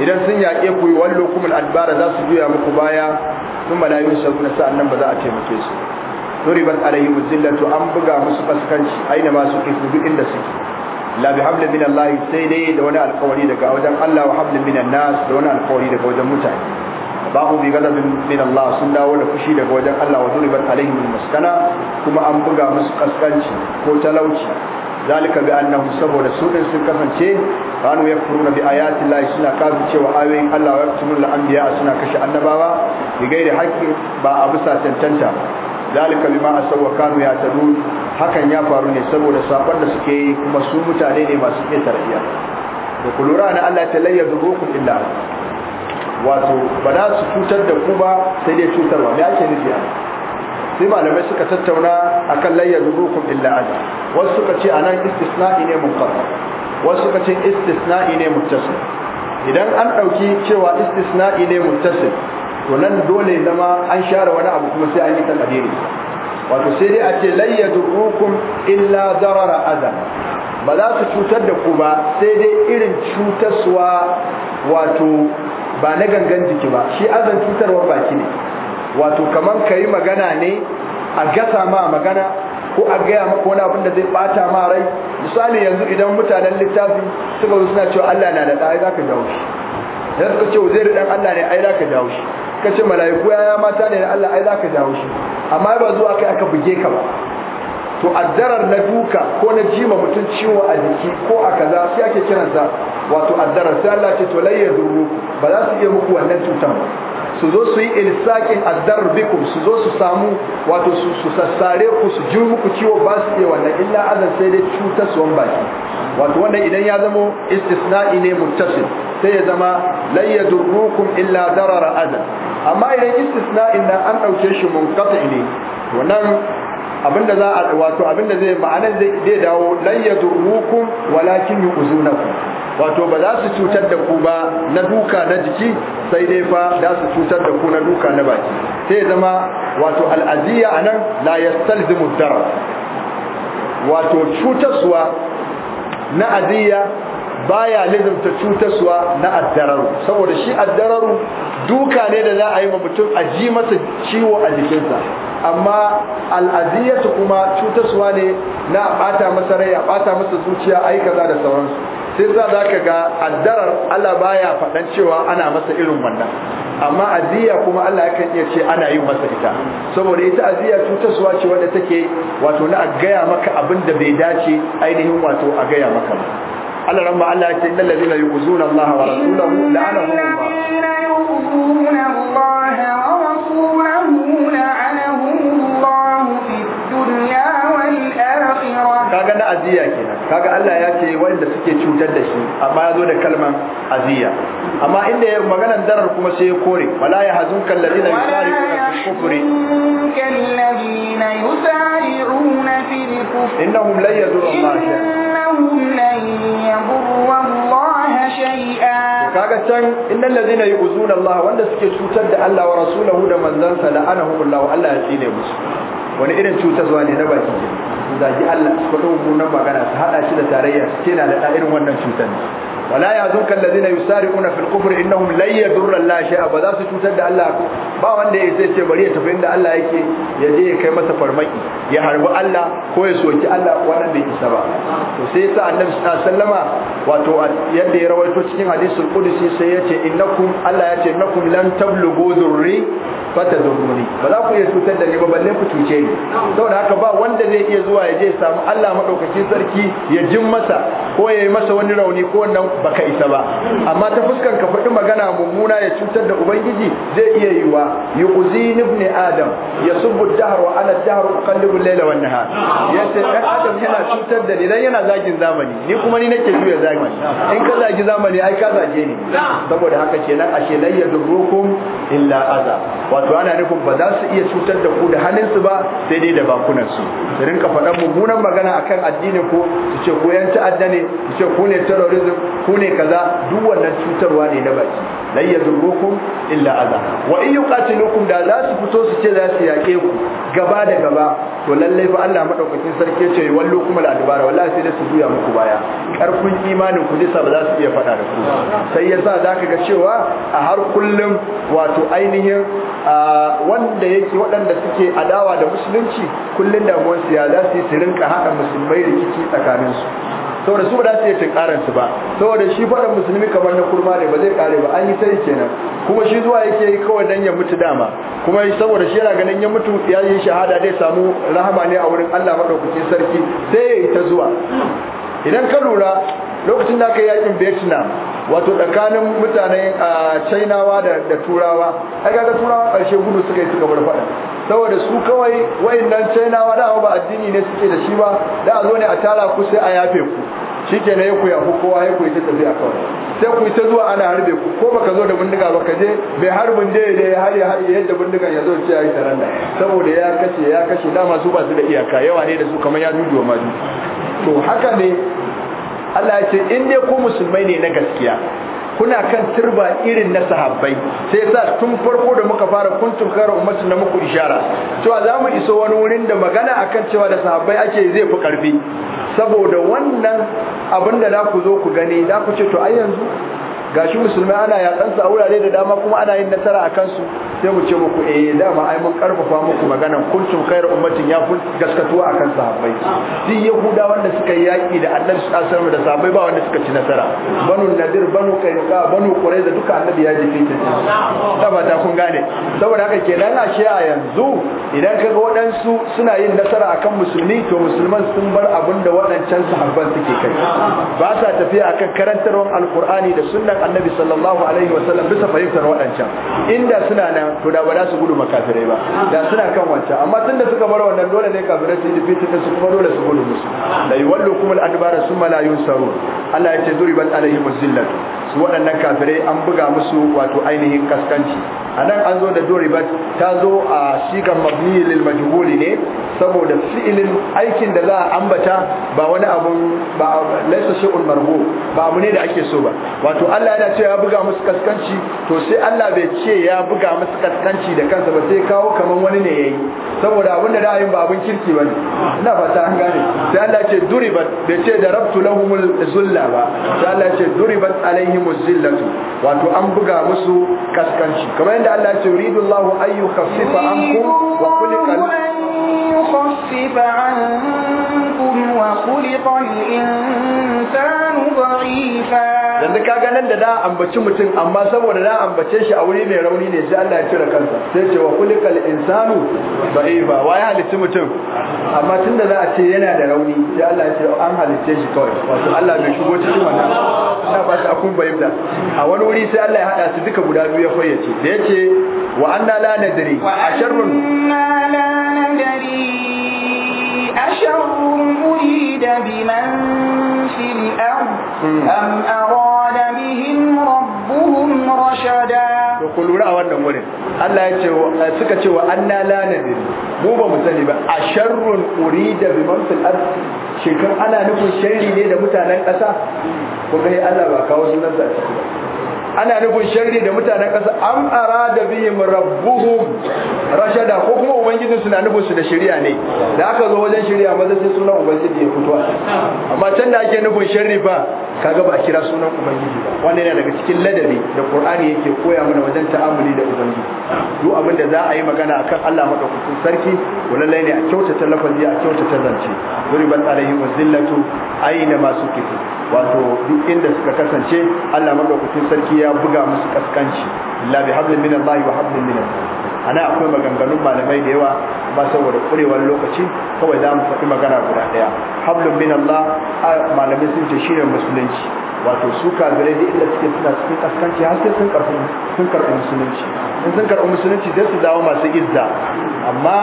idan sun yaƙe ku yi wallo kuma za su juya muku baya sun malayun shagun sa'an nan ba za a taimake su ban alayhi muzillatu an buga musu kaskanci aina ma su kifu duk inda suke la bi hablin minallahi sai dai da wani alƙawari daga wajen Allah wa hablin min nas da wani alƙawari daga wajen mutane babu bi gadabin min Allah sun dawo da fushi daga wajen Allah wa duribat alaihim maskana kuma an buga musu kaskanci ko talauci zalika bi annahu saboda su din sun kasance kanu yakfuruna bi ayati Allah suna kafin cewa ayoyin Allah wa al anbiya suna kashe annabawa bi gairi haqqi ba a bisa tantanta zalika bima asaw kanu yatadun hakan ya faru ne saboda sabon da suke yi kuma su mutane ne masu ke iya da kulura na Allah ta layyadu zubukum illa wato ba za su cutar da ku ba sai dai cutarwa me ake nufi a sai malamai suka tattauna a kan layyar rukun illa ada wasu suka ce anan istisna'i ne kafa wasu suka ce istisna'i ne tasir idan an dauki cewa istisna'i ne tasir to nan dole zama an share wani abu kuma sai an yi takadiri wato sai dai a ce layyar rukun illa zarara ada ba za su cutar da ku ba sai dai irin cutarsuwa wato ba na gangan jiki ba shi azan cutarwar baki ne wato kamar ka yi magana ne a gasa ma magana ko a gaya ma ko na zai bata ma rai misali yanzu idan mutanen littafi suka zo suna cewa Allah na da ɗaya za ka dawo shi da suka ce uzairu dan Allah ne ai za ka dawo shi ka ce mala'iku ya mata ne na Allah ai za ka dawo shi amma ba zuwa kai aka buge ka ba to addarar na duka ko na jima mutum ciwo a jiki ko a kaza sai ake kiransa wato addarar sai Allah ce to duru ba za su iya muku wannan cutan su zo su yi ilsakin addar bikum su zo su samu wato su su sassare ku su ji muku ciwo ba su iya wannan illa azan sai dai cutar su baki wato wannan idan ya zama istisna'i ne muttasil sai ya zama la yadurrukum illa darara adan amma idan istisna'in nan an dauke shi munqati ne wannan abinda za a wato abinda zai ma'anar zai dawo lan yadurrukum walakin yuzunakum wato ba za su cutar da ku ba na duka na jiki sai dai fa za su cutar da ku na duka na baki sai zama wato al'aziyya anan la yastalzimu darar wato cutarsuwa na aziyya baya lizimta cutarsuwa na addararu saboda shi addararu duka ne da za a yi ma mutum a ji masa ciwo a jikinsa amma al'aziyatu kuma cutarsuwa ne na bata masa rai a bata masa zuciya ai kaza da sauransu sai za ka ga addarar Allah baya faɗan cewa ana masa irin wannan amma aziya kuma Allah yakan iya ce ana yin masa ita saboda ita aziya cutarsuwa ce wanda take wato na a gaya maka abin da bai dace ainihin wato a gaya maka ba Allah ran Allah ya ce innal ladina yu'zuna Allah wa rasulahu la'anahu Allah kaga na aziya kenan kaga Allah ya ce wanda suke cutar da shi amma ya zo da kalman aziya amma inda ya maganar darar kuma sai ya kore wala ya hazunka ladina yusari'una fil kufri innahum la yadurru Allah shay'an kaga can innal ladina yu'zuna Allah wanda suke cutar da Allah wa rasulahu da manzansa la'anahu Allah Allah ya tsine musu wani irin cutarwa ne na baki zagi Allah ko dubu na magana su hada shi da tarayya suke na da irin wannan cutar wala yazunka alladhina yusariquna fil kufri innahum lan yadurra Allah shay'a ba za su cutar da Allah ba wanda ya sai ce bari ya tafi inda Allah yake ya je ya kai masa farmaki ya harbi Allah ko ya soki Allah wannan da yake ba to sai sa annabi sallama wato yadda ya rawaito cikin hadisul qudsi sai ya ce innakum Allah ya ce innakum lan tablughu dhurri fatadurruni ba za ku iya cutar da ni ba balle ku cuce ni saboda haka ba wanda zai iya zuwa ya je samu Allah madaukakin sarki ya jin masa ko ya yi masa wani rauni ko wannan baka isa ba amma ta fuskan ka faɗi magana mummuna ya cutar da ubangiji zai iya yiwa yuqzin ibn adam yasubbu ad-dahr wa ana dahr uqallibu layla wa nahar yace dan adam yana cutar da ni dan yana zagin zamani ni kuma ni nake juya zamani in ka zagi zamani ai ka zage ni saboda haka kenan ashe la yadurukum illa adha wato ana nufin ba za su iya cutar da ku da halinsu ba sai dai da bakunansu su rinka faɗan mummunan magana akan addini ko su ce ku yan ta'adda ne su ce ku ne terrorism ku ku ne kaza duk wannan cutarwa ne na baki lan yadurrukum illa adha wa in yuqatilukum da za su fito su ce za su yake ku gaba da gaba to lallai fa Allah madaukakin sarki ce wallo kuma da dubara wallahi sai da su juya muku baya karfin imanin ku jisa ba za su iya fada da ku sai yasa zaka ga cewa a har kullum wato ainihin wanda yake waɗanda suke adawa da musulunci kullun da mun siya za su yi su rinka haɗa musulmai da rikici tsakanin su saboda su ba za su iya tunkarar su ba saboda shi fara musulmi kamar na kurma ne ba zai kare ba an yi sai kenan kuma shi zuwa yake yi kawai dan ya mutu dama kuma saboda shi yana ganin ya mutu ya yi shahada zai samu rahama ne a wurin Allah madaukakin sarki sai ya yi ta zuwa idan ka lura lokacin da aka yi yakin vietnam wato tsakanin mutanen chinawa da turawa ai ga turawa karshe gudu suka yi suka bar faɗa saboda su kawai wayannan chinawa da ba addini ne suke da shi ba da a zo ne a tara ku sai a yafe ku shikenan ya ku kowa ya ku yi ta tafiya kawai sai ku ta zuwa ana harbe ku ko baka zo da bindiga ba ka je mai harbin da ya har ya har yadda bindigan ya zo ce yi taranda saboda ya kashe ya kashe dama su ba su da iyaka yawa ne da su kamar ya dudu ma to haka ne Allah ya ce in dai ku musulmai ne na gaskiya kuna kan turba irin na sahabbai sai sa tun farko da muka fara kun khairu ummatin na muku ishara cewa za mu iso wani wurin da magana akan cewa da sahabbai ake zai fi karfi saboda wannan abin da za ku zo ku gani za ku ce to ai yanzu gashi musulmai ana yatsan su a wurare da dama kuma ana yin nasara a kansu sai mu ce muku eh dama ai mun karfafa muku magana kuntum khairu ummatin ya kun gaskatuwa akan sahabbai din yahuda wanda suka yi yaki da annabi sallallahu alaihi wasallam da sahabbai ba wanda suka ci nasara banu nadir banu qainuqa banu quraiza duka annabi ya ji fitin ta kun gane saboda haka kenan a shi a yanzu idan kaga waɗansu suna yin nasara akan musulmi to musulman sun bar abinda da waɗancan sahabban suke kai ba sa tafiya akan karantarwar alqur'ani da sunnan annabi sallallahu alaihi wasallam bisa fahimtar waɗancan inda suna nan to da ba za su gudu makafirai ba da suna kan wancan amma da suka bar wannan dole ne kafirai su yi fitin su kuma dole su gudu musu la yuwallu kumul adbara summa la saro Allah ya ce duribat alaihim zillatu su waɗannan kafirai an buga musu wato ainihin kaskanci a nan an zo da doribat ta zo a shigan mabni lil ne saboda fi'ilin aikin da za a ambata ba wani abu ba laisa shay'un marbu ba abu ne da ake so ba wato Allah yana cewa ya buga musu kaskanci to sai Allah bai ce ya buga musu kaskanci da kansa ba sai kawo kamar wani ne yayi saboda abin da da yin ba abin kirki ba ne. ina fata an gane sai Allah ya ce duribat bai ce da rabtu lahumul zulla ba sai Allah ya ce duribat alaihim alaihim zillatu wato an buga musu kaskanci kamar yadda Allah ya ce yuridullahu an yukhaffifa ankum wa kulika yukhaffifa ankum الذنوب وخلق الإنسان ضعيفا yanzu ka ga nan da da ambaci mutum amma saboda da ambace shi a wuri mai rauni ne sai Allah ya cire kansa sai ce wa kulikal insanu da'ifa wa ya halitta mutum amma tunda za a ce yana da rauni sai Allah ya ce an halitta shi kawai wato Allah bai shigo cikin wannan ina ba ta akun bayyana a wani wuri sai Allah ya hada su duka guda biyu ya fayyace da yace wa anna la nadri wa asharrun la nadri أشر أريد بمن في الأرض أم أراد بهم ربهم رشدا ku lura a wannan wurin Allah ya ce suka ce wa anna la nadir mu ba mu sani ba a sharrun urida bi man fil ard shekar ana nufin sharri ne da mutanen ƙasa ko ga Allah ba kawo sunan sa ba ana nufin sharri da mutanen ƙasa ara da bihim rabbuhum rashada ko kuma ubangijin suna nufin su da shari'a ne da aka zo wajen shari'a maza sai sunan ubangiji ya fito amma can da ake nufin sharri ba kaga ba a kira sunan ubangiji ba wannan yana daga cikin ladabi da qur'ani yake koya mana wajen ta'amuli da ubangiji duk abin da za a yi magana akan Allah madaukakin sarki to lallai ne a kyauta ta lafazi a ta zance duriban wa zillatu aina masu kitu wato duk inda suka kasance Allah madaukakin sarki ya buga musu kaskanci illa bi hablin minallahi wa hablin ana akwai maganganun malamai da yawa ba saboda kurewar lokaci kawai za mu faɗi magana guda ɗaya hablum min Allah malamai sun ce shine musulunci wato su kafirai da inda suke suna cikin kaskanci har sai sun karɓi musulunci in sun karɓi musulunci sai su dawo masu izza amma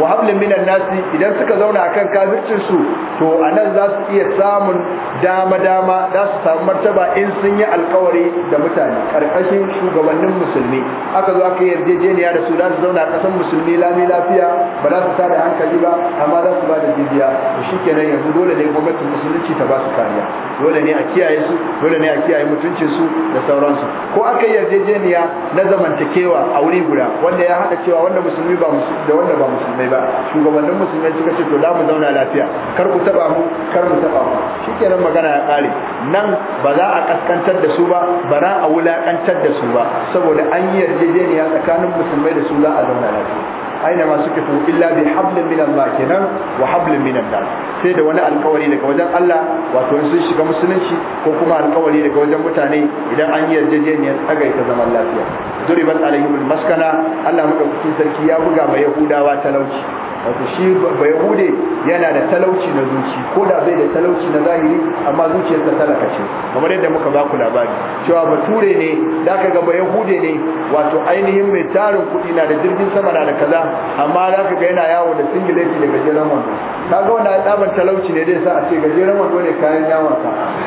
wa hablin minan nasi idan suka zauna akan kan su to nan za su iya samun dama dama za su samu martaba in sun yi alkawari da mutane Ƙarƙashin shugabannin musulmi aka zo aka yarjejeniya da su za su zauna ƙasan musulmi lami lafiya ba za su tada hankali ba amma za su ba da jizya to kenan yanzu dole ne gwamnatin musulunci ta ba su kariya dole ne a kiyaye su dole ne a kiyaye mutuncin su da sauransu ko aka yarjejeniya na zamantakewa a wuri guda wanda ya haɗa cewa wanda musulmi ba musulmi da wanda ba musulmai ba shugabannin musulmai suka ce to za mu zauna lafiya kar ku taba mu kar mu taba mu kenan magana ya kare nan ba za a kaskantar da su ba ba za a wulakantar da su ba saboda an yi yarjejeniya tsakanin musulmai da su za a zauna lafiya aina masu suke illa bi hablin min Allah kenan wa hablin min Allah sai da wani alƙawari daga wajen Allah wato in sun shiga musulunci ko kuma alƙawari daga wajen mutane idan an yi yarjejeniyar tsagaita zaman lafiya duribat alaihim maskana Allah madaukakin sarki ya buga ma yahudawa talauci wato shi ba yahude yana da talauci na zuci ko da bai da talauci na zahiri amma zuciyarsa talaka ce kamar yadda muka ba ku labari cewa bature ne da ka ga ba yahude ne wato ainihin mai tarin kuɗi na da jirgin sama na da kaza amma za ka ga yana yawo da singileti da gajeren wando kaga wannan tsaban talauci ne dai sa a ce gajeren wando ne kayan yawon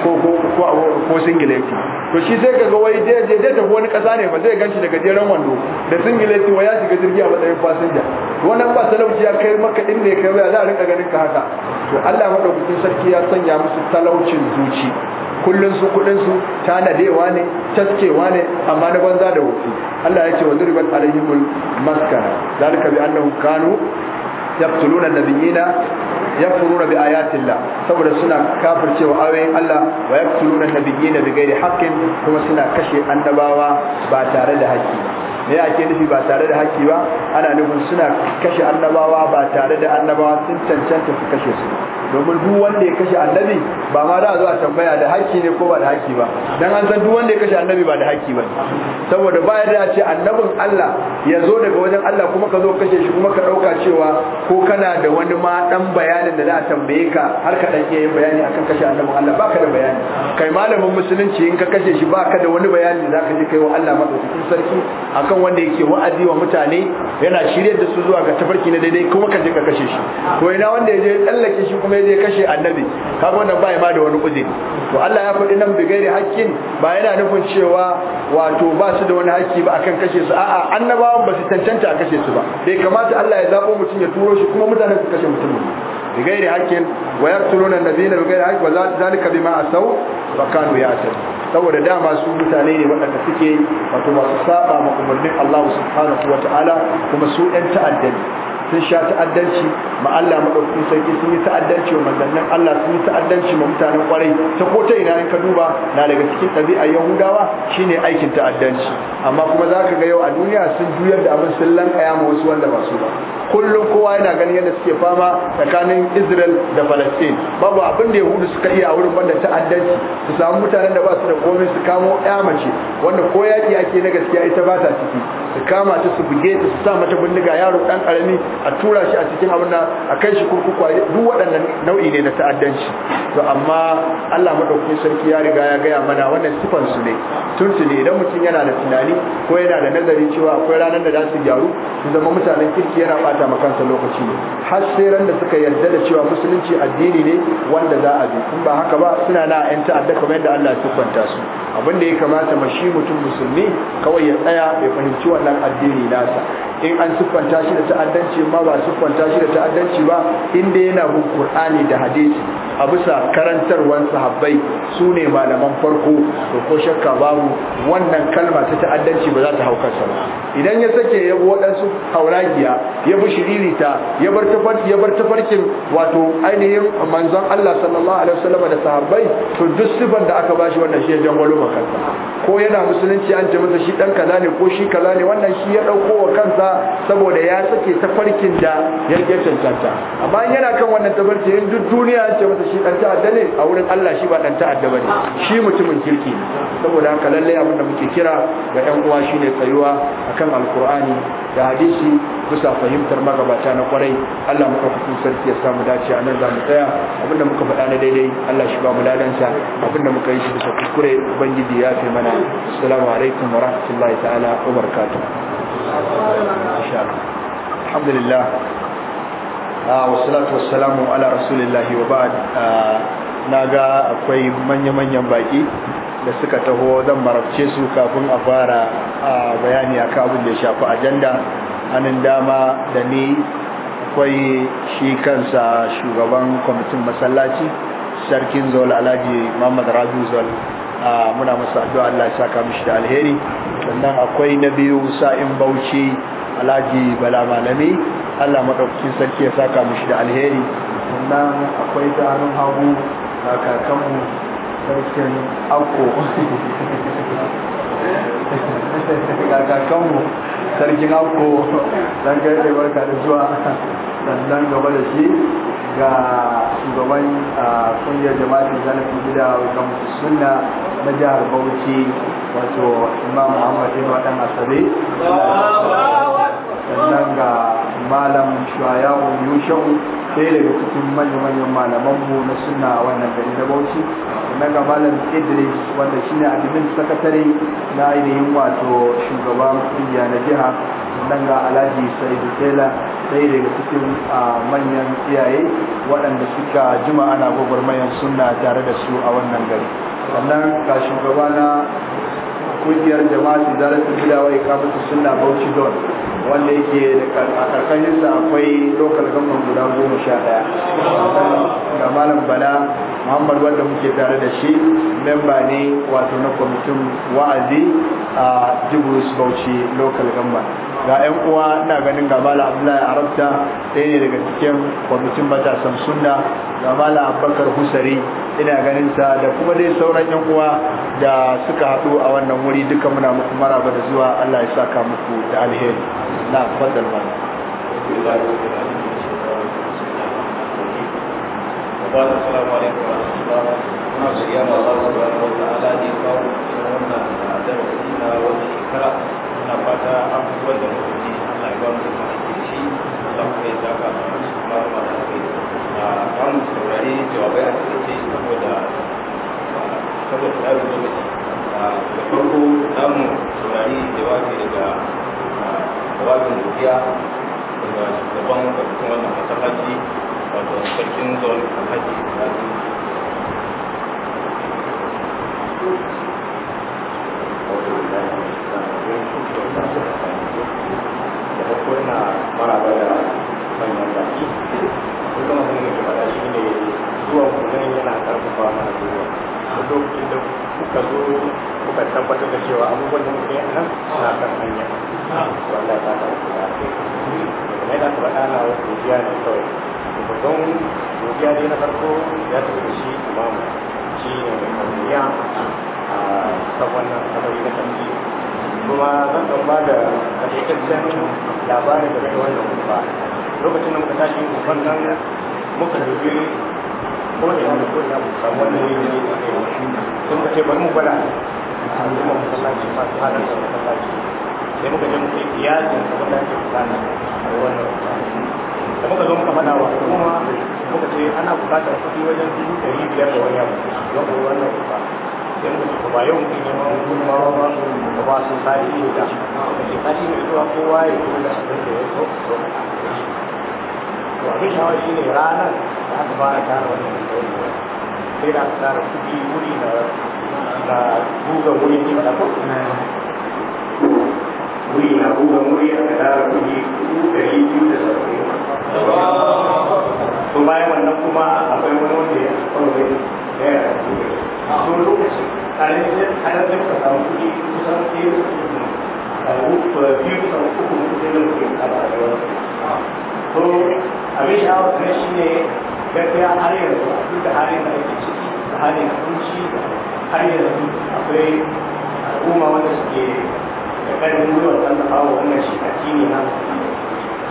ko ko singileti to shi sai ga wai je je tafi wani kasa ne ba zai ganci da gajeren wando da singileti wai ya shiga jirgi a matsayin fasinja wannan ba talauci ya kai maka din ne kai wai za a rinka ganin ka haka to Allah madaukakin sarki ya sanya musu talaucin zuci kullun su kudin su tanadewa ne taskewa ne amma na banza da wofi Allah ya ce wa zuribat alaihimul maskara zalika bi annahum kanu yaqtuluna nabiyina yafuruna bi ayatillah saboda suna kafircewa ayoyin Allah wa yaqtuluna nabiyina bi ghairi haqqin kuma suna kashe annabawa ba tare da haƙƙi me yake nufi ba tare da haƙƙi ba ana nufin suna kashe annabawa ba tare da annabawa sun cancanta su kashe su domin duk wanda ya kashe annabi ba ma da zuwa tambaya da haƙƙi ne ko ba da haƙƙi ba dan an san duk wanda ya kashe annabi ba da haƙƙi ba saboda ba ya ce annabin Allah ya zo daga wajen Allah kuma ka zo kashe shi kuma ka dauka cewa ko kana da wani ma dan bayanin da za a tambaye ka har ka dan iya yin bayani akan kashe annabin Allah baka da bayani kai malamin musulunci in ka kashe shi baka da wani bayani da zaka je kai wa Allah madaukakin sarki akan wanda yake wa'azi wa mutane yana shiryar da su zuwa ga tafarki na daidai kuma ka je ka kashe shi ko ina wanda ya je tsallake shi kuma zai kashe annabi kaga wannan ba ma da wani uzuri to Allah ya faɗi nan bigairi hakkin ba yana nufin cewa wato ba su da wani hakki ba akan kashe su a'a annabawan ba su tantance a kashe su ba bai kamata Allah ya zabo mutum ya turo shi kuma mutanen su kashe mutum bigairi hakkin wa yaqtuluna annabiyina bigairi hakkin wa zalika bima asaw fa kanu ya'tad saboda dama su mutane ne waɗanda suke wato masu saba ma umarnin Allah subhanahu wataala kuma su ɗan ta'addani sun sha ta'addanci ma Allah madaukakin sarki sun yi ta'addanci wa manzannin Allah sun yi ta'addanci ma mutanen kwarai ta ko ta ina in ka duba na daga cikin ɗabi'ar Yahudawa shine aikin ta'addanci amma kuma za ka ga yau a duniya sun juyar da abin sun lankaya ma wasu wanda ba su ba kullum kowa yana ganin yadda suke fama tsakanin Israel da Palestine babu abin da Yahudu suka iya a wurin banda ta'addanci su samu mutanen da ba su da komai su kamo ɗaya mace wanda ko yaƙi ake na gaskiya ita ba ta ciki su kama ta su buge ta su sa mata bindiga yaro ɗan ƙarami a tura shi a cikin abin da a kai shi kurkuku a duk waɗannan nau'i ne na ta'addanci to amma Allah madauki sarki ya riga ya gaya mana wannan sifan su ne ne idan mutum yana da tunani ko yana da nazari cewa akwai ranar da za su gyaru su zama mutanen kirki yana bata ma kansa lokaci ne har sai ran da suka yarda da cewa musulunci addini ne wanda za a bi in ba haka ba suna na yan ta'adda kamar yadda Allah ya siffanta su abin da ya kamata mashi mutum musulmi kawai ya tsaya ya fahimci wannan addini nasa in an siffanta shi da ta'addanci musulmin ma ba kwanta shi da ta'addanci ba inda yana bin Qur'ani da hadisi a bisa karantarwar sahabbai su ne malaman farko to ko shakka babu wannan kalma ta ta'addanci ba za ta hau kansa ba idan ya sake ya waɗansu hauragiya ya bi shiririta ya bar ya bar tafarkin wato ainihin manzon Allah sallallahu alaihi wasallam da sahabbai to duk sifan da aka bashi wannan shi ya jangwalo kansa. ko yana musulunci an ce masa shi dan kaza ne ko shi kaza ne wannan shi ya dauko wa kansa saboda ya sake tafarki tafarkin da yarge cancanta amma yana kan wannan tabarci in duk duniya ce masa shi dan ta'adda ne a wurin Allah shi ba dan ta'adda bane shi mutumin kirki ne saboda haka lallai abin da muke kira ga ɗan uwa shine tsayuwa akan alkur'ani da hadisi bisa fahimtar magabata na kwarai Allah muka fi sarki ya samu dace a nan za mu tsaya abinda muka faɗa na daidai Allah shi ba mu ladansa abinda muka yi shi bisa kuskure ubangiji ya fi mana assalamu alaikum wa rahmatullahi ta'ala wa barakatuh alhamdulillah ah, wasalatu wassalamu ah, na ga akwai manya-manyan baki da suka taho zan marabce kafin a fara ah, bayani akan da ya shafi ajanda hannun dama da ni akwai shi kansa shugaban kwamitin masallaci sarkin zol alhaji muhammad rabi zol muna masa addu'a Allah ya saka mishi da alheri sannan akwai na biyu sa'in bauchi alhaji bala malami allah maɗaukacin sarki ya saka mushi da alheri sannan akwai hannun hagu na kakanmu sarkin akko kakanmu sarkin akko don gaɗe barka da zuwa sannan gaba da shi ga shugaban kungiyar jama'atin zanafin gida kan sunna na jihar bauchi wato imam muhammad ibn dan asabe sannan ga malam shuayawu yushau sai daga cikin manya-manyan mu na suna wannan gari na bauchi sannan ga malam idris wanda shi ne abin sakatare na ainihin wato shugaban kungiya na jiha sannan ga alhaji sa'idu tela sai daga cikin manyan iyaye waɗanda suka jima ana mayan suna tare da su a wannan gari sannan ga shugaba na kungiyar jama'a gida wai kafin su suna Bauchi Don wanda yake a karkashin akwai local government guda goma sha daya ga malam Bala Muhammad wanda muke tare da shi memba ne wato na kwamitin wa'azi a Jibrus Bauchi local government ga yan uwa ina ganin ga abdullahi arabta ɗaya ne daga cikin kwamitin matasan sunna ga abubakar husari ina ganin sa da kuma dai sauran yan uwa da suka haɗu a wannan wuri duka muna muku maraba da zuwa allah ya saka muku da alheri na fadal mana السلام عليكم ورحمة الله وبركاته. نعم، الله سبحانه وتعالى دي قوم سنونا درسنا وشكرا. muna fata abubuwan da muka ji Allah ya ba mu da shi Allah kuma ya saka mu su ba da kai a kan saurari jawabai a cikin saboda saboda tsarin lokaci da farko za mu saurari jawabi daga jawabin godiya daga shugaban kwamitin wannan masallaci wato sarkin zuwa alhaji da Thank da farko ina maraba da manyan baki kuma ne zuwa kuma yana karfafa mana zuwa duk lokacin da cewa abubuwan da muke na farko ya tafi da a sabon nan kuma zan ɗan ba da takaitaccen labarin da da wannan kuma lokacin da muka tashi kufan nan muka dubi ko da yana ko da muka samu wannan yin ne a kai wasu sun kace bari mu gwada a al'umma masallaci masu halar da masallaci sai muka je muka yi da abin da ake na a wannan kufa da muka zo muka fada wa kuma muka ce ana bukatar kuɗi wajen dubu ɗari biyar da wani abu don wannan kufa ba yau ne ya ma mutum ba ba ba su sari ne da shi sari ne zuwa kowa ya kuma da abin da ya so so to abin shawa shi ne ranar da aka fara tara wannan sai da aka tara kuɗi wuri na na buga wuri ne da ko wuri na buga wuri aka tara kuɗi ɗari biyu da saba'in to bayan wannan kuma akwai wani wanda ya kwallo ya yi to lokacin tare da tare da ka samu kuɗi kusan ɗaya kuɗi biyu kusan uku kuɗi da kuɗi a rayuwar to abin sha'awa kan shi ne gaskiya har yanzu duk da halin da ake ciki da halin abinci har yanzu akwai al'umma wanda suke da ƙarfin gwiwar tallafa wa wannan shi addini na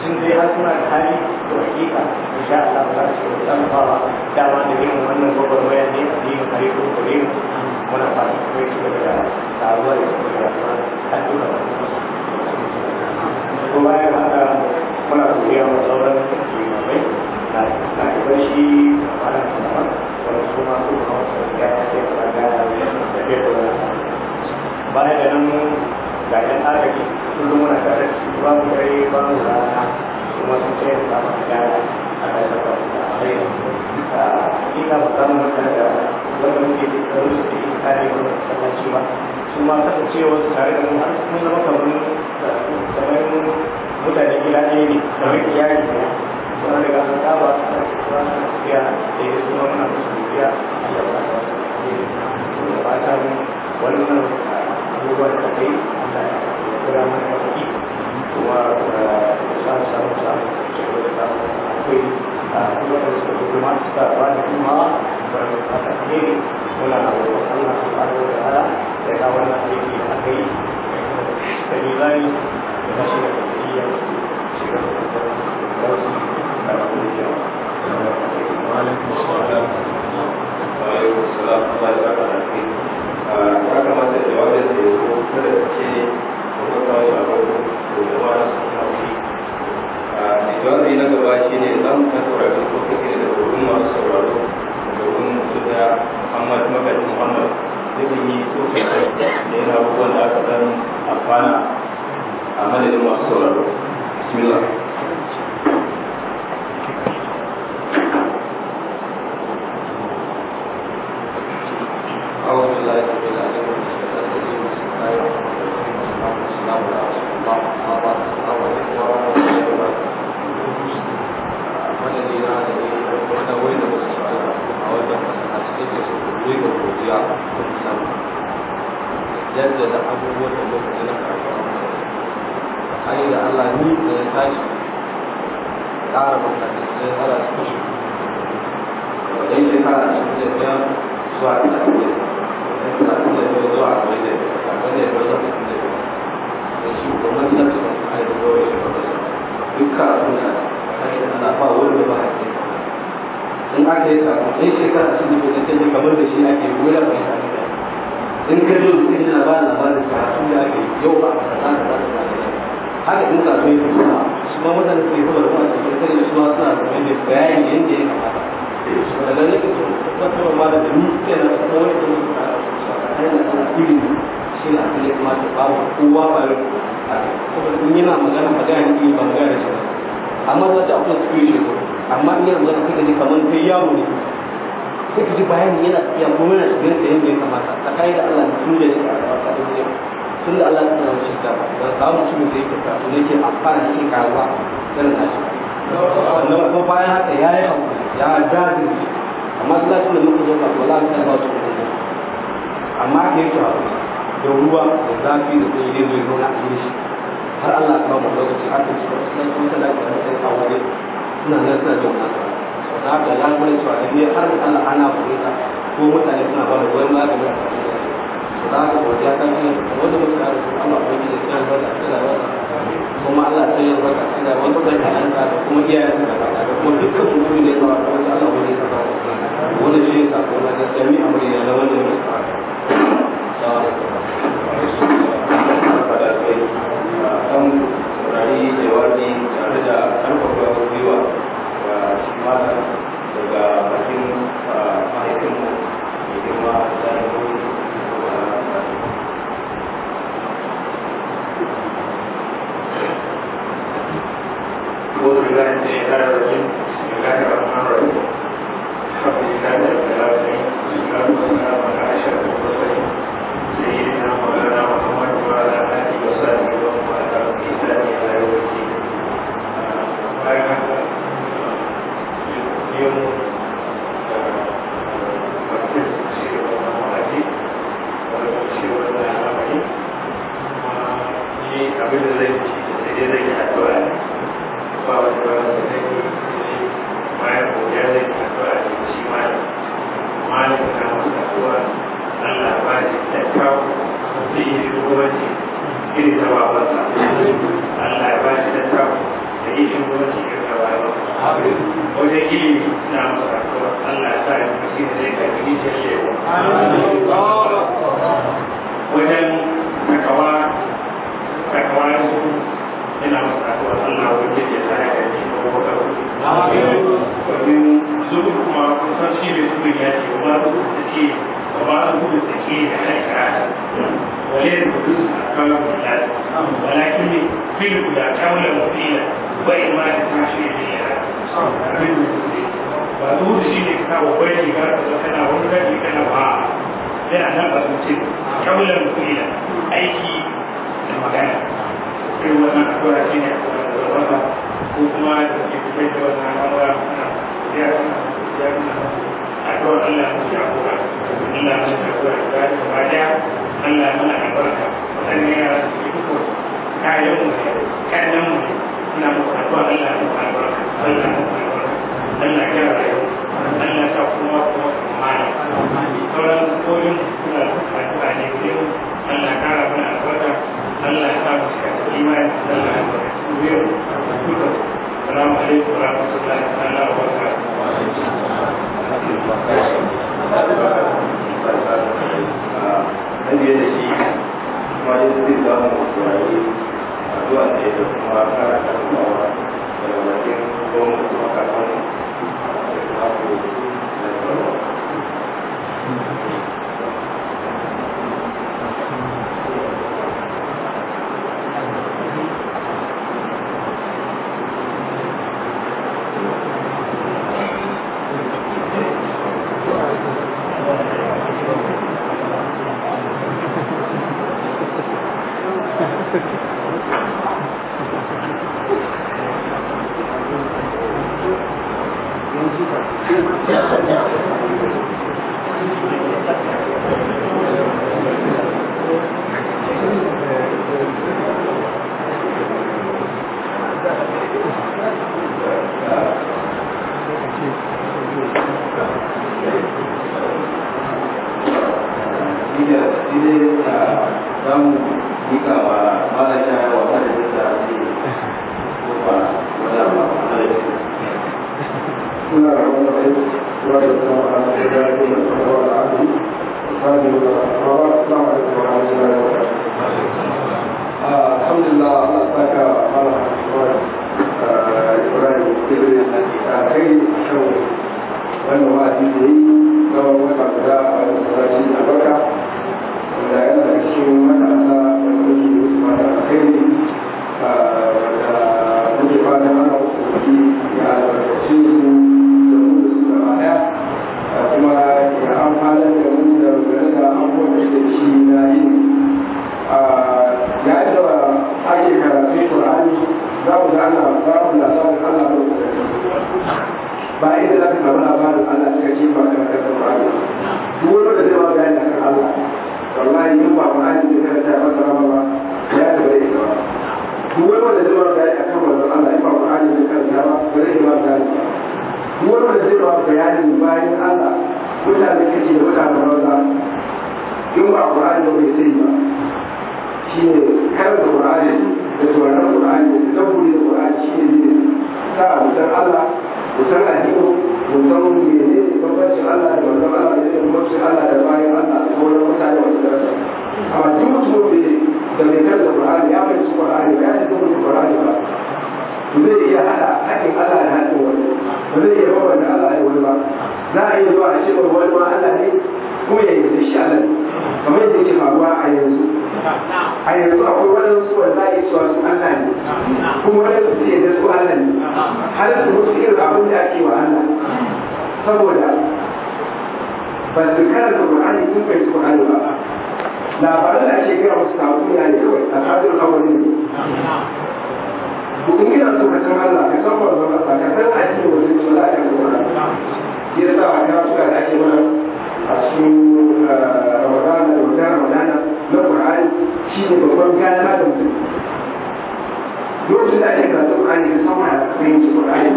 in dai har suna da hali to hakika in sha Allah za su tallafawa dama da irin wannan gwagwarmaya ne a yin kare ko kare mu muna fata ko ya ci gaba da taruwa da su da addu'a ko bayan haka muna godiya wa sauran limamai na na ibar shi ana kuma wani su ma su kuma wasu ya ce ba ga da bayan da nan ga yan agaji kullum muna tare da su ba mu dare ba mu rana kuma sun ce da mu gara a kasar da abai a ina ba samu mutane da wanda muke da tsaro su da ita ne ba sallaci ba su ma kasancewa su tare da mu har zama kamar kamar mutane gida ɗaya ne kamar iyali ne wanda daga sun ta suna Su na tafiya da ya suna muna musu tafiya a yau ba ta wani wannan abubuwan da kai Allah da kuma da ya kamata jawabin da ya zo kada da ce kuma kawai a farko da zama na sun hauri jawabi na gaba shi ne za mu tattara da kofi ne da wurin masu sauraro da wurin su da muhammad magadi muhammad zai yi kofi da yana abubuwan da aka dan amfana a madadin masu sauraro bismillah bayani yana yanzu mana tafiyar da yadda ya kamata ta kai da Allah da tun da shi a kawata da zai tun da Allah ta zama shi da ba ta samu mutumin da yake karatu ne ke amfana da karuwa irin nashi ko bayan haka ya yi hankali ya jajirce amma suna tun da muka zo ka wala ta ba su kuma amma ke yi haƙuri da ruwa da zafi da yi zai nuna na yi shi har Allah ta ba mu lokaci har da shi wasu sai ta da da sai kawo suna nan suna jin da haka ya gwada cewa da biyar har Allah ana fahimta ko mutane suna ba da goyon baya da su da haka godiya ta kai wanda muka kare su Allah ko ji da kiyar barka a da wata kuma Allah sai ya barka ta da wanda zai ka yanka da kuma iyayen su da da kuma dukkan mutum ne ba ko Allah ko ji ka ba wani shi ka ko na da jami'a mu da wannan ne assalamu alaikum dan rari jawabi tare da karfafa gwiwa daga bambancin Allah da wannan da bambancin Allah da bayan Allah da mutane amma duk mutum da Qur'ani ya fahimci Qur'ani ba ya ji dukkan Qur'ani ba zai iya hada Allah da wani ba zai iya bawa da Allah da wani ba za a iya zuwa a ce wani wani ma Allah ne kuma ya yi shi Allah kamar yadda yake faruwa a yanzu a yanzu akwai waɗansu wanda za a iya cewa su Allah ne kuma waɗansu su yadda su Allah ne har su mutu irin abin da ake wa Allah saboda ba su karanta Qur'ani sun kai Qur'ani ba labaran da ake gaya musu sabu ya ne kawai a kafin kawai ne in gina so ka san Allah ka san kwanzo ka san addini wajen su da ake gona ya sa a kira suka da ake mana a cikin Ramadan da wajen Ramadan na Qur'ani shi ne babban gana da mutum lokacin da ake karatu Qur'ani ka san ma ya fahimci Qur'ani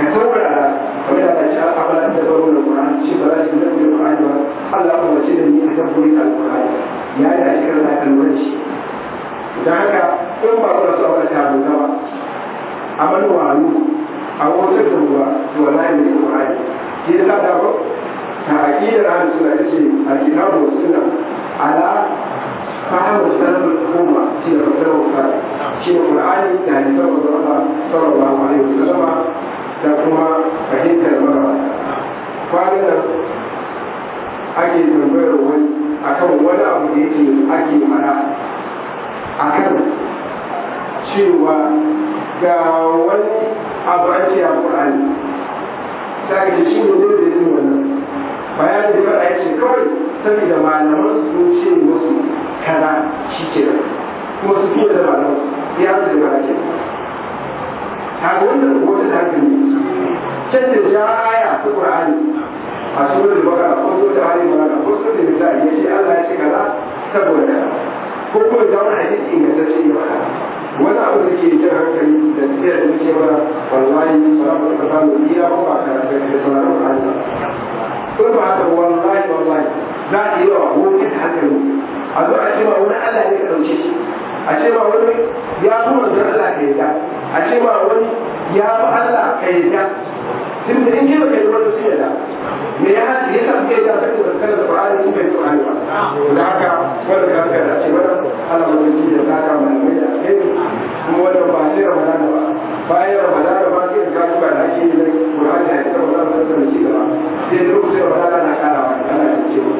ka taurara kamar da ta a bala ta baro da Qur'an shi ba za su da Qur'an ba Allah wace da ni a tabburi al-Qur'an ya yi a cikin da kalmarci dan haka in ba ku da su ba ta buga ba amal walu a wata ruwa to wallahi ne Qur'an ki da da ba ta aqidar ahlus sunna tace al-kitabu was sunna ala فهم سلف الحكومة في الفتاوى الخارج في القرآن يعني سبب الله صلى الله عليه وسلم da kuma fahimtar mara kwanan nan ake tambayar wani a kan wani abu da yake ake a kan cewa ga wani abu ake a ƙur'ani ta ka shi ne da zai wannan bayanin da ya ce kawai saboda malaman sun ce wasu, kana shi ke kuma su fiye da malaman ya su da malaman kaga wannan wata da ake can da ya aya ta qur'ani a suratul baqara ko suratul ali imran ko suratul nisa ya ce Allah ya ce kaza saboda ko kuma da wani hadisi ingantacce ya faɗa wani abu da ke jan hankali da tsira da nake mana wallahi salatu ta samu iya ba ba ka da sauraron Allah ko ba haka wallahi wallahi za a yi wa ta hankali a zo a ce ma wani Allah ne ka ɗauke shi a ce ma wani ya kuma da ka a ce ma wani ya fi Allah ka yadda tun da in ji baka yi wani su yadda me ya haɗi ya samu yadda ta kuma da Qur'ani ko bai Qur'ani ba da haka wanda ka ka da ce wannan Allah mai ji da zaka mai da kai kuma wannan ba sai Ramadan ba bayan da ba sai ga duka da ake yi zai kula da ya tsara wani sassa da cigaba sai da rukusa ramadana na kara wa ana da cewa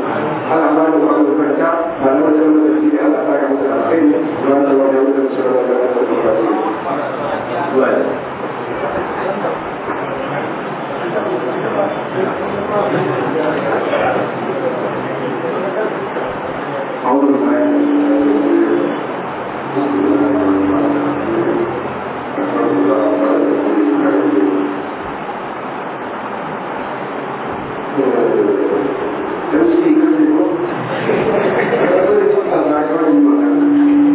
ana ba da wani kwanta ba da wani da ala ta ga mutu a kai ne ba da wani da sauran da wani sauran da wani da أعوذ da من الشيطان Terus ikut itu. Terus ikut tanda kau di mana?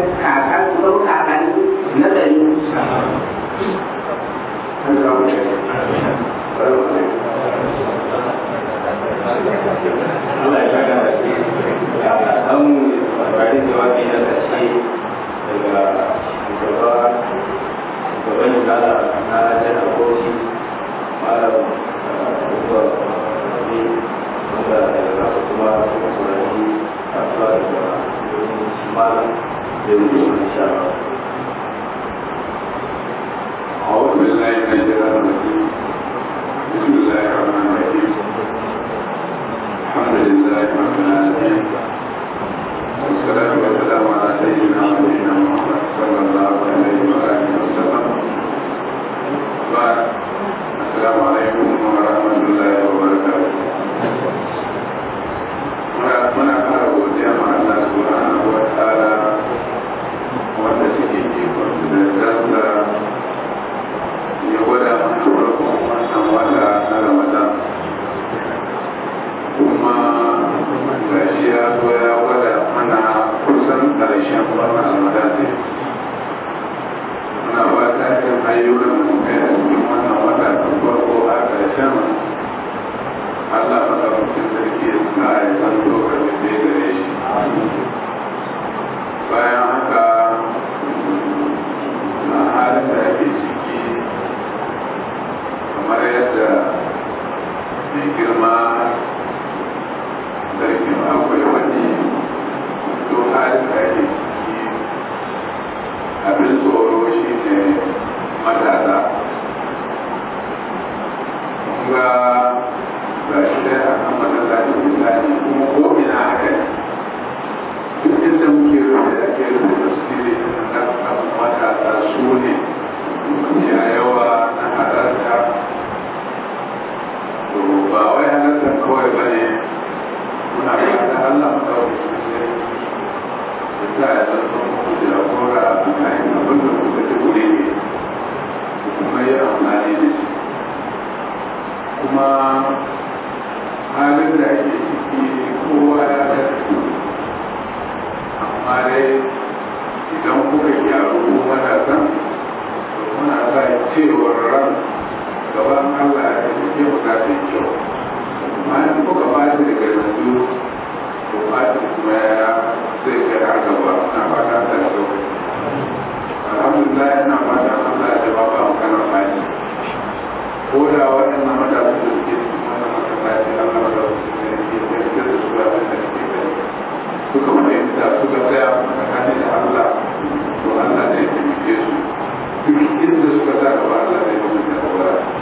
and ba wai halittar kawai ba ne muna fata Allah mu dauki sai da sa ya zama muku da gora duka yin abin da kuka ci gure ne kuma yi amfani da shi kuma halin da ake ciki kowa ya tafi amma dai idan kuka gyaru matasan muna sa cewar ransu gaban Allah ya yi ke bukatun kyau amma kuka ba shi daga yanzu to ba shi kuma ya zai kai har gaba na fata ta kyau alhamdulillah yana fata Allah ya ba ba kana fani ko da waɗannan matasan da suke cikin wannan masallaci Allah ba za su ne ke tafiyar da su ba da suke su suka fahimta suka tsaya tsakanin da Allah to Allah ne taimake su duk inda suka sa gaba Allah ne taimake su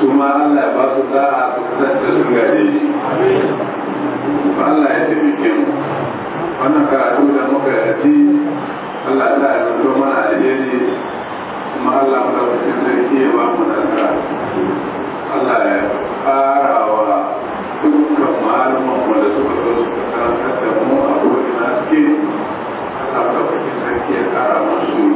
su ma ya ba su sa'a su kasance su gare shi Allah ya tafi kin wannan karatu da muka yi Allah ta yi zato mana alheri kuma Allah mu da sarki ya ba mu nasara Allah ya fara wa dukkan malaman mu da suka zo suka karantar da mu a ko'ina suke Allah mu da sarki ya kara musu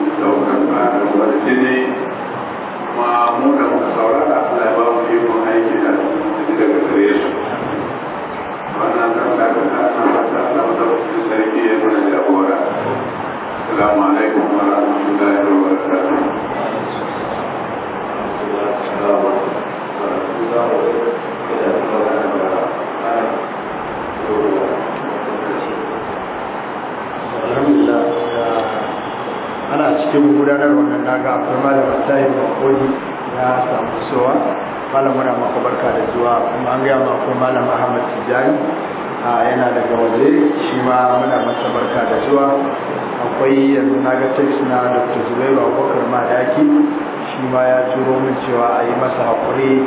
kuma an gaya mako malam ahmad tijjani yana daga waje shi ma muna masa barka da zuwa akwai yanzu na ga text na dr zubairu abubakar madaki shi ma ya turo min cewa a yi masa haƙuri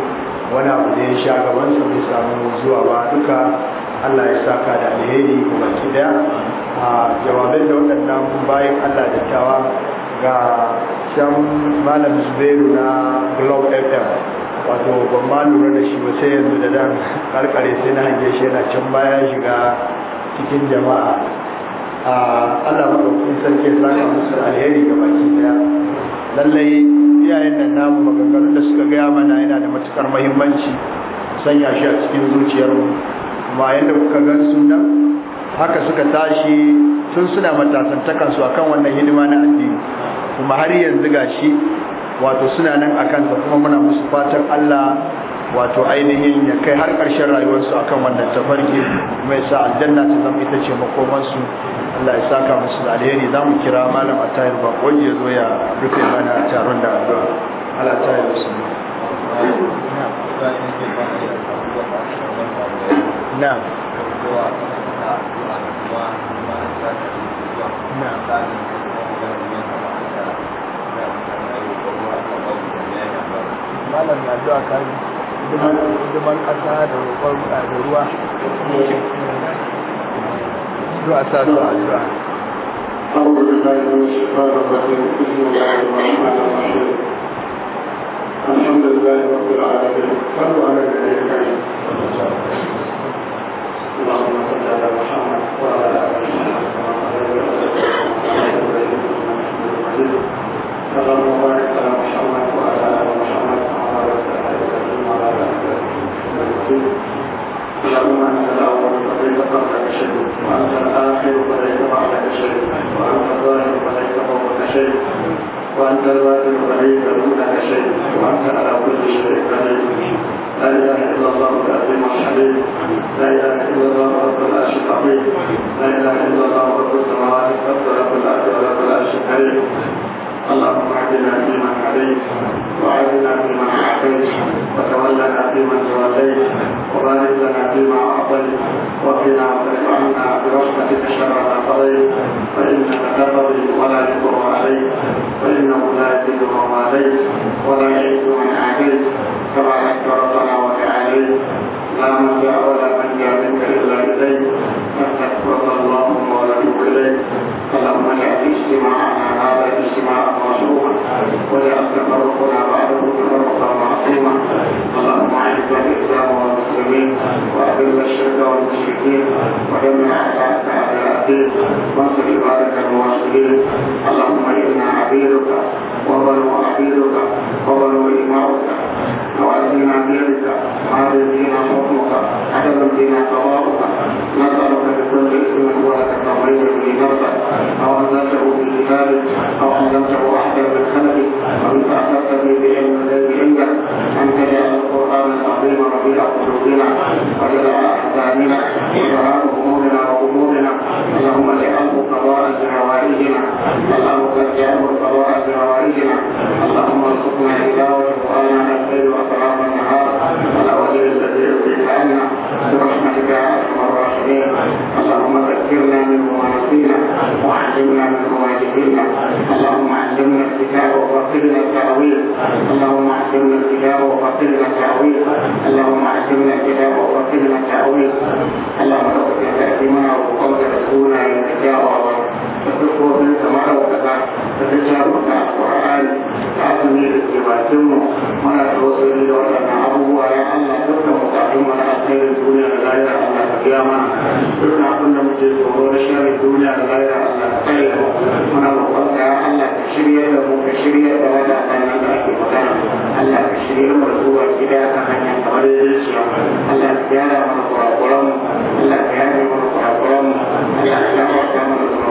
wani abu da ya sha gaban sa bai samu zuwa ba duka allah ya saka da alheri kuma kida a jawabin da waɗannan bayan allah da tawa ga can malam zubairu na globe fm wato ban lura da shi ba sai yanzu da dan karkare sai na hange shi yana can baya shiga cikin jama'a a Allah maɗaukin sarki ya saka musu alheri ga baki daya lallai iyayen nan namu maganganun da suka gaya mana yana da matukar muhimmanci sanya shi a cikin zuciyarmu kuma yadda kuka gan su haka suka tashi tun suna matasantakansu kan wannan hidima na addini kuma har yanzu gashi wato suna nan a kansa kuma muna musu fatan Allah wato ainihin ya kai har ƙarshen rayuwarsu akan wannan tafarki mai sa aljanna ta zama ita ce makomansu Allah ya saka musu da alheri za mu kira malam ba, wani ya zo ya rufe mana taron da addu'a Allah ta yi musu na'am malam ya zuwa kan hidiman ƙasa da roƙon da ruwa zuwa sa zuwa zuwa الحمد لله رب العالمين صلوا على النبي الكريم بن مالك أو أحدا من خلفه أو استأثرت به بعلم الغيب عندك أن تجعل القرآن العظيم ربيع قلوبنا وجلاء أحزاننا وجلاء همومنا وغمومنا اللهم اجعله قضاء لهوائجنا اللهم اجعله قضاء لهوائجنا اللهم ارزقنا تلاوة قرآنك الليل وأطراف النهار على وجه الذي يرضيك عنا برحمتك أرحم الراحمين اللهم واجعلنا من وارثينا وعلمنا من وارثينا اللهم علمنا الكتاب وفقنا التأويل اللهم علمنا الكتاب وفقنا التأويل اللهم علمنا الكتاب وفقنا التأويل اللهم اغفر تأثيمنا وقوم رسولنا إن جاء فتكفر منك مرة وكذا فتجاوبك القرآن فأتني بالتواتم ولا توصل ولا تعبوا ولا أن تكفر اللهم لا خير الدنيا لا يرى الله القيامة كلنا كنا مجلسون ونشر الدنيا لا يرى الله خير ونبقى يا الله كشرية وكشرية ولا تنام Allah ka shirya mu da zuwa gida ta hanyar kamar zuciya Allah ka gyara mana kurakuran Allah ka yare mana kurakuran Allah ka yare mana kurakuran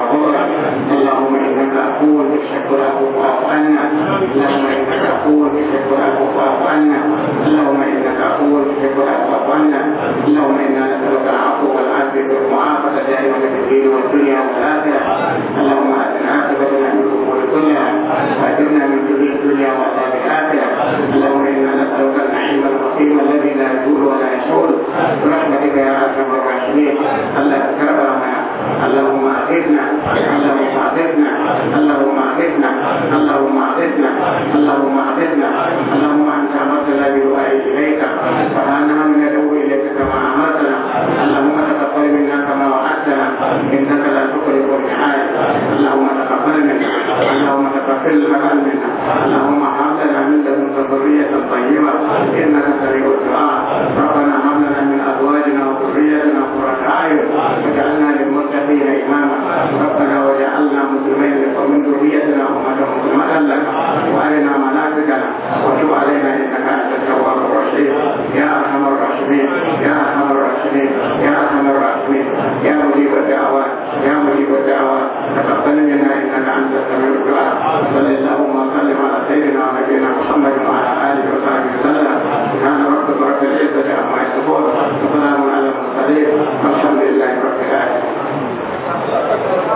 اللهم انك عفو تحب العفو فاعف عنا اللهم انك عفو تحب العفو فاعف عنا اللهم انك عفو تحب العفو فاعف عنا اللهم انا نسالك العفو والعافيه والمعافاه دائما في الدين والدنيا والاخره اللهم اتنا عاقبتنا من الامور الدنيا واجرنا من كل الدنيا وعذاب الاخره اللهم انا نسالك النعيم الرحيم الذي لا يزول ولا يحول برحمتك يا ارحم الراحمين الا تكرمنا اللهم اغثنا اللهم اغثنا اللهم اغثنا اللهم اغثنا اللهم اغثنا اللهم انت امرتنا لا اليك فهانا من ندعو اليك كما امرتنا اللهم تقبل منا كما وعدتنا انك لا تخلف الحال اللهم تقبل منا اللهم تقبل لنا منا اللهم هب لنا من لدنك ذريه طيبه انك العظيم والحمد لله رب العالمين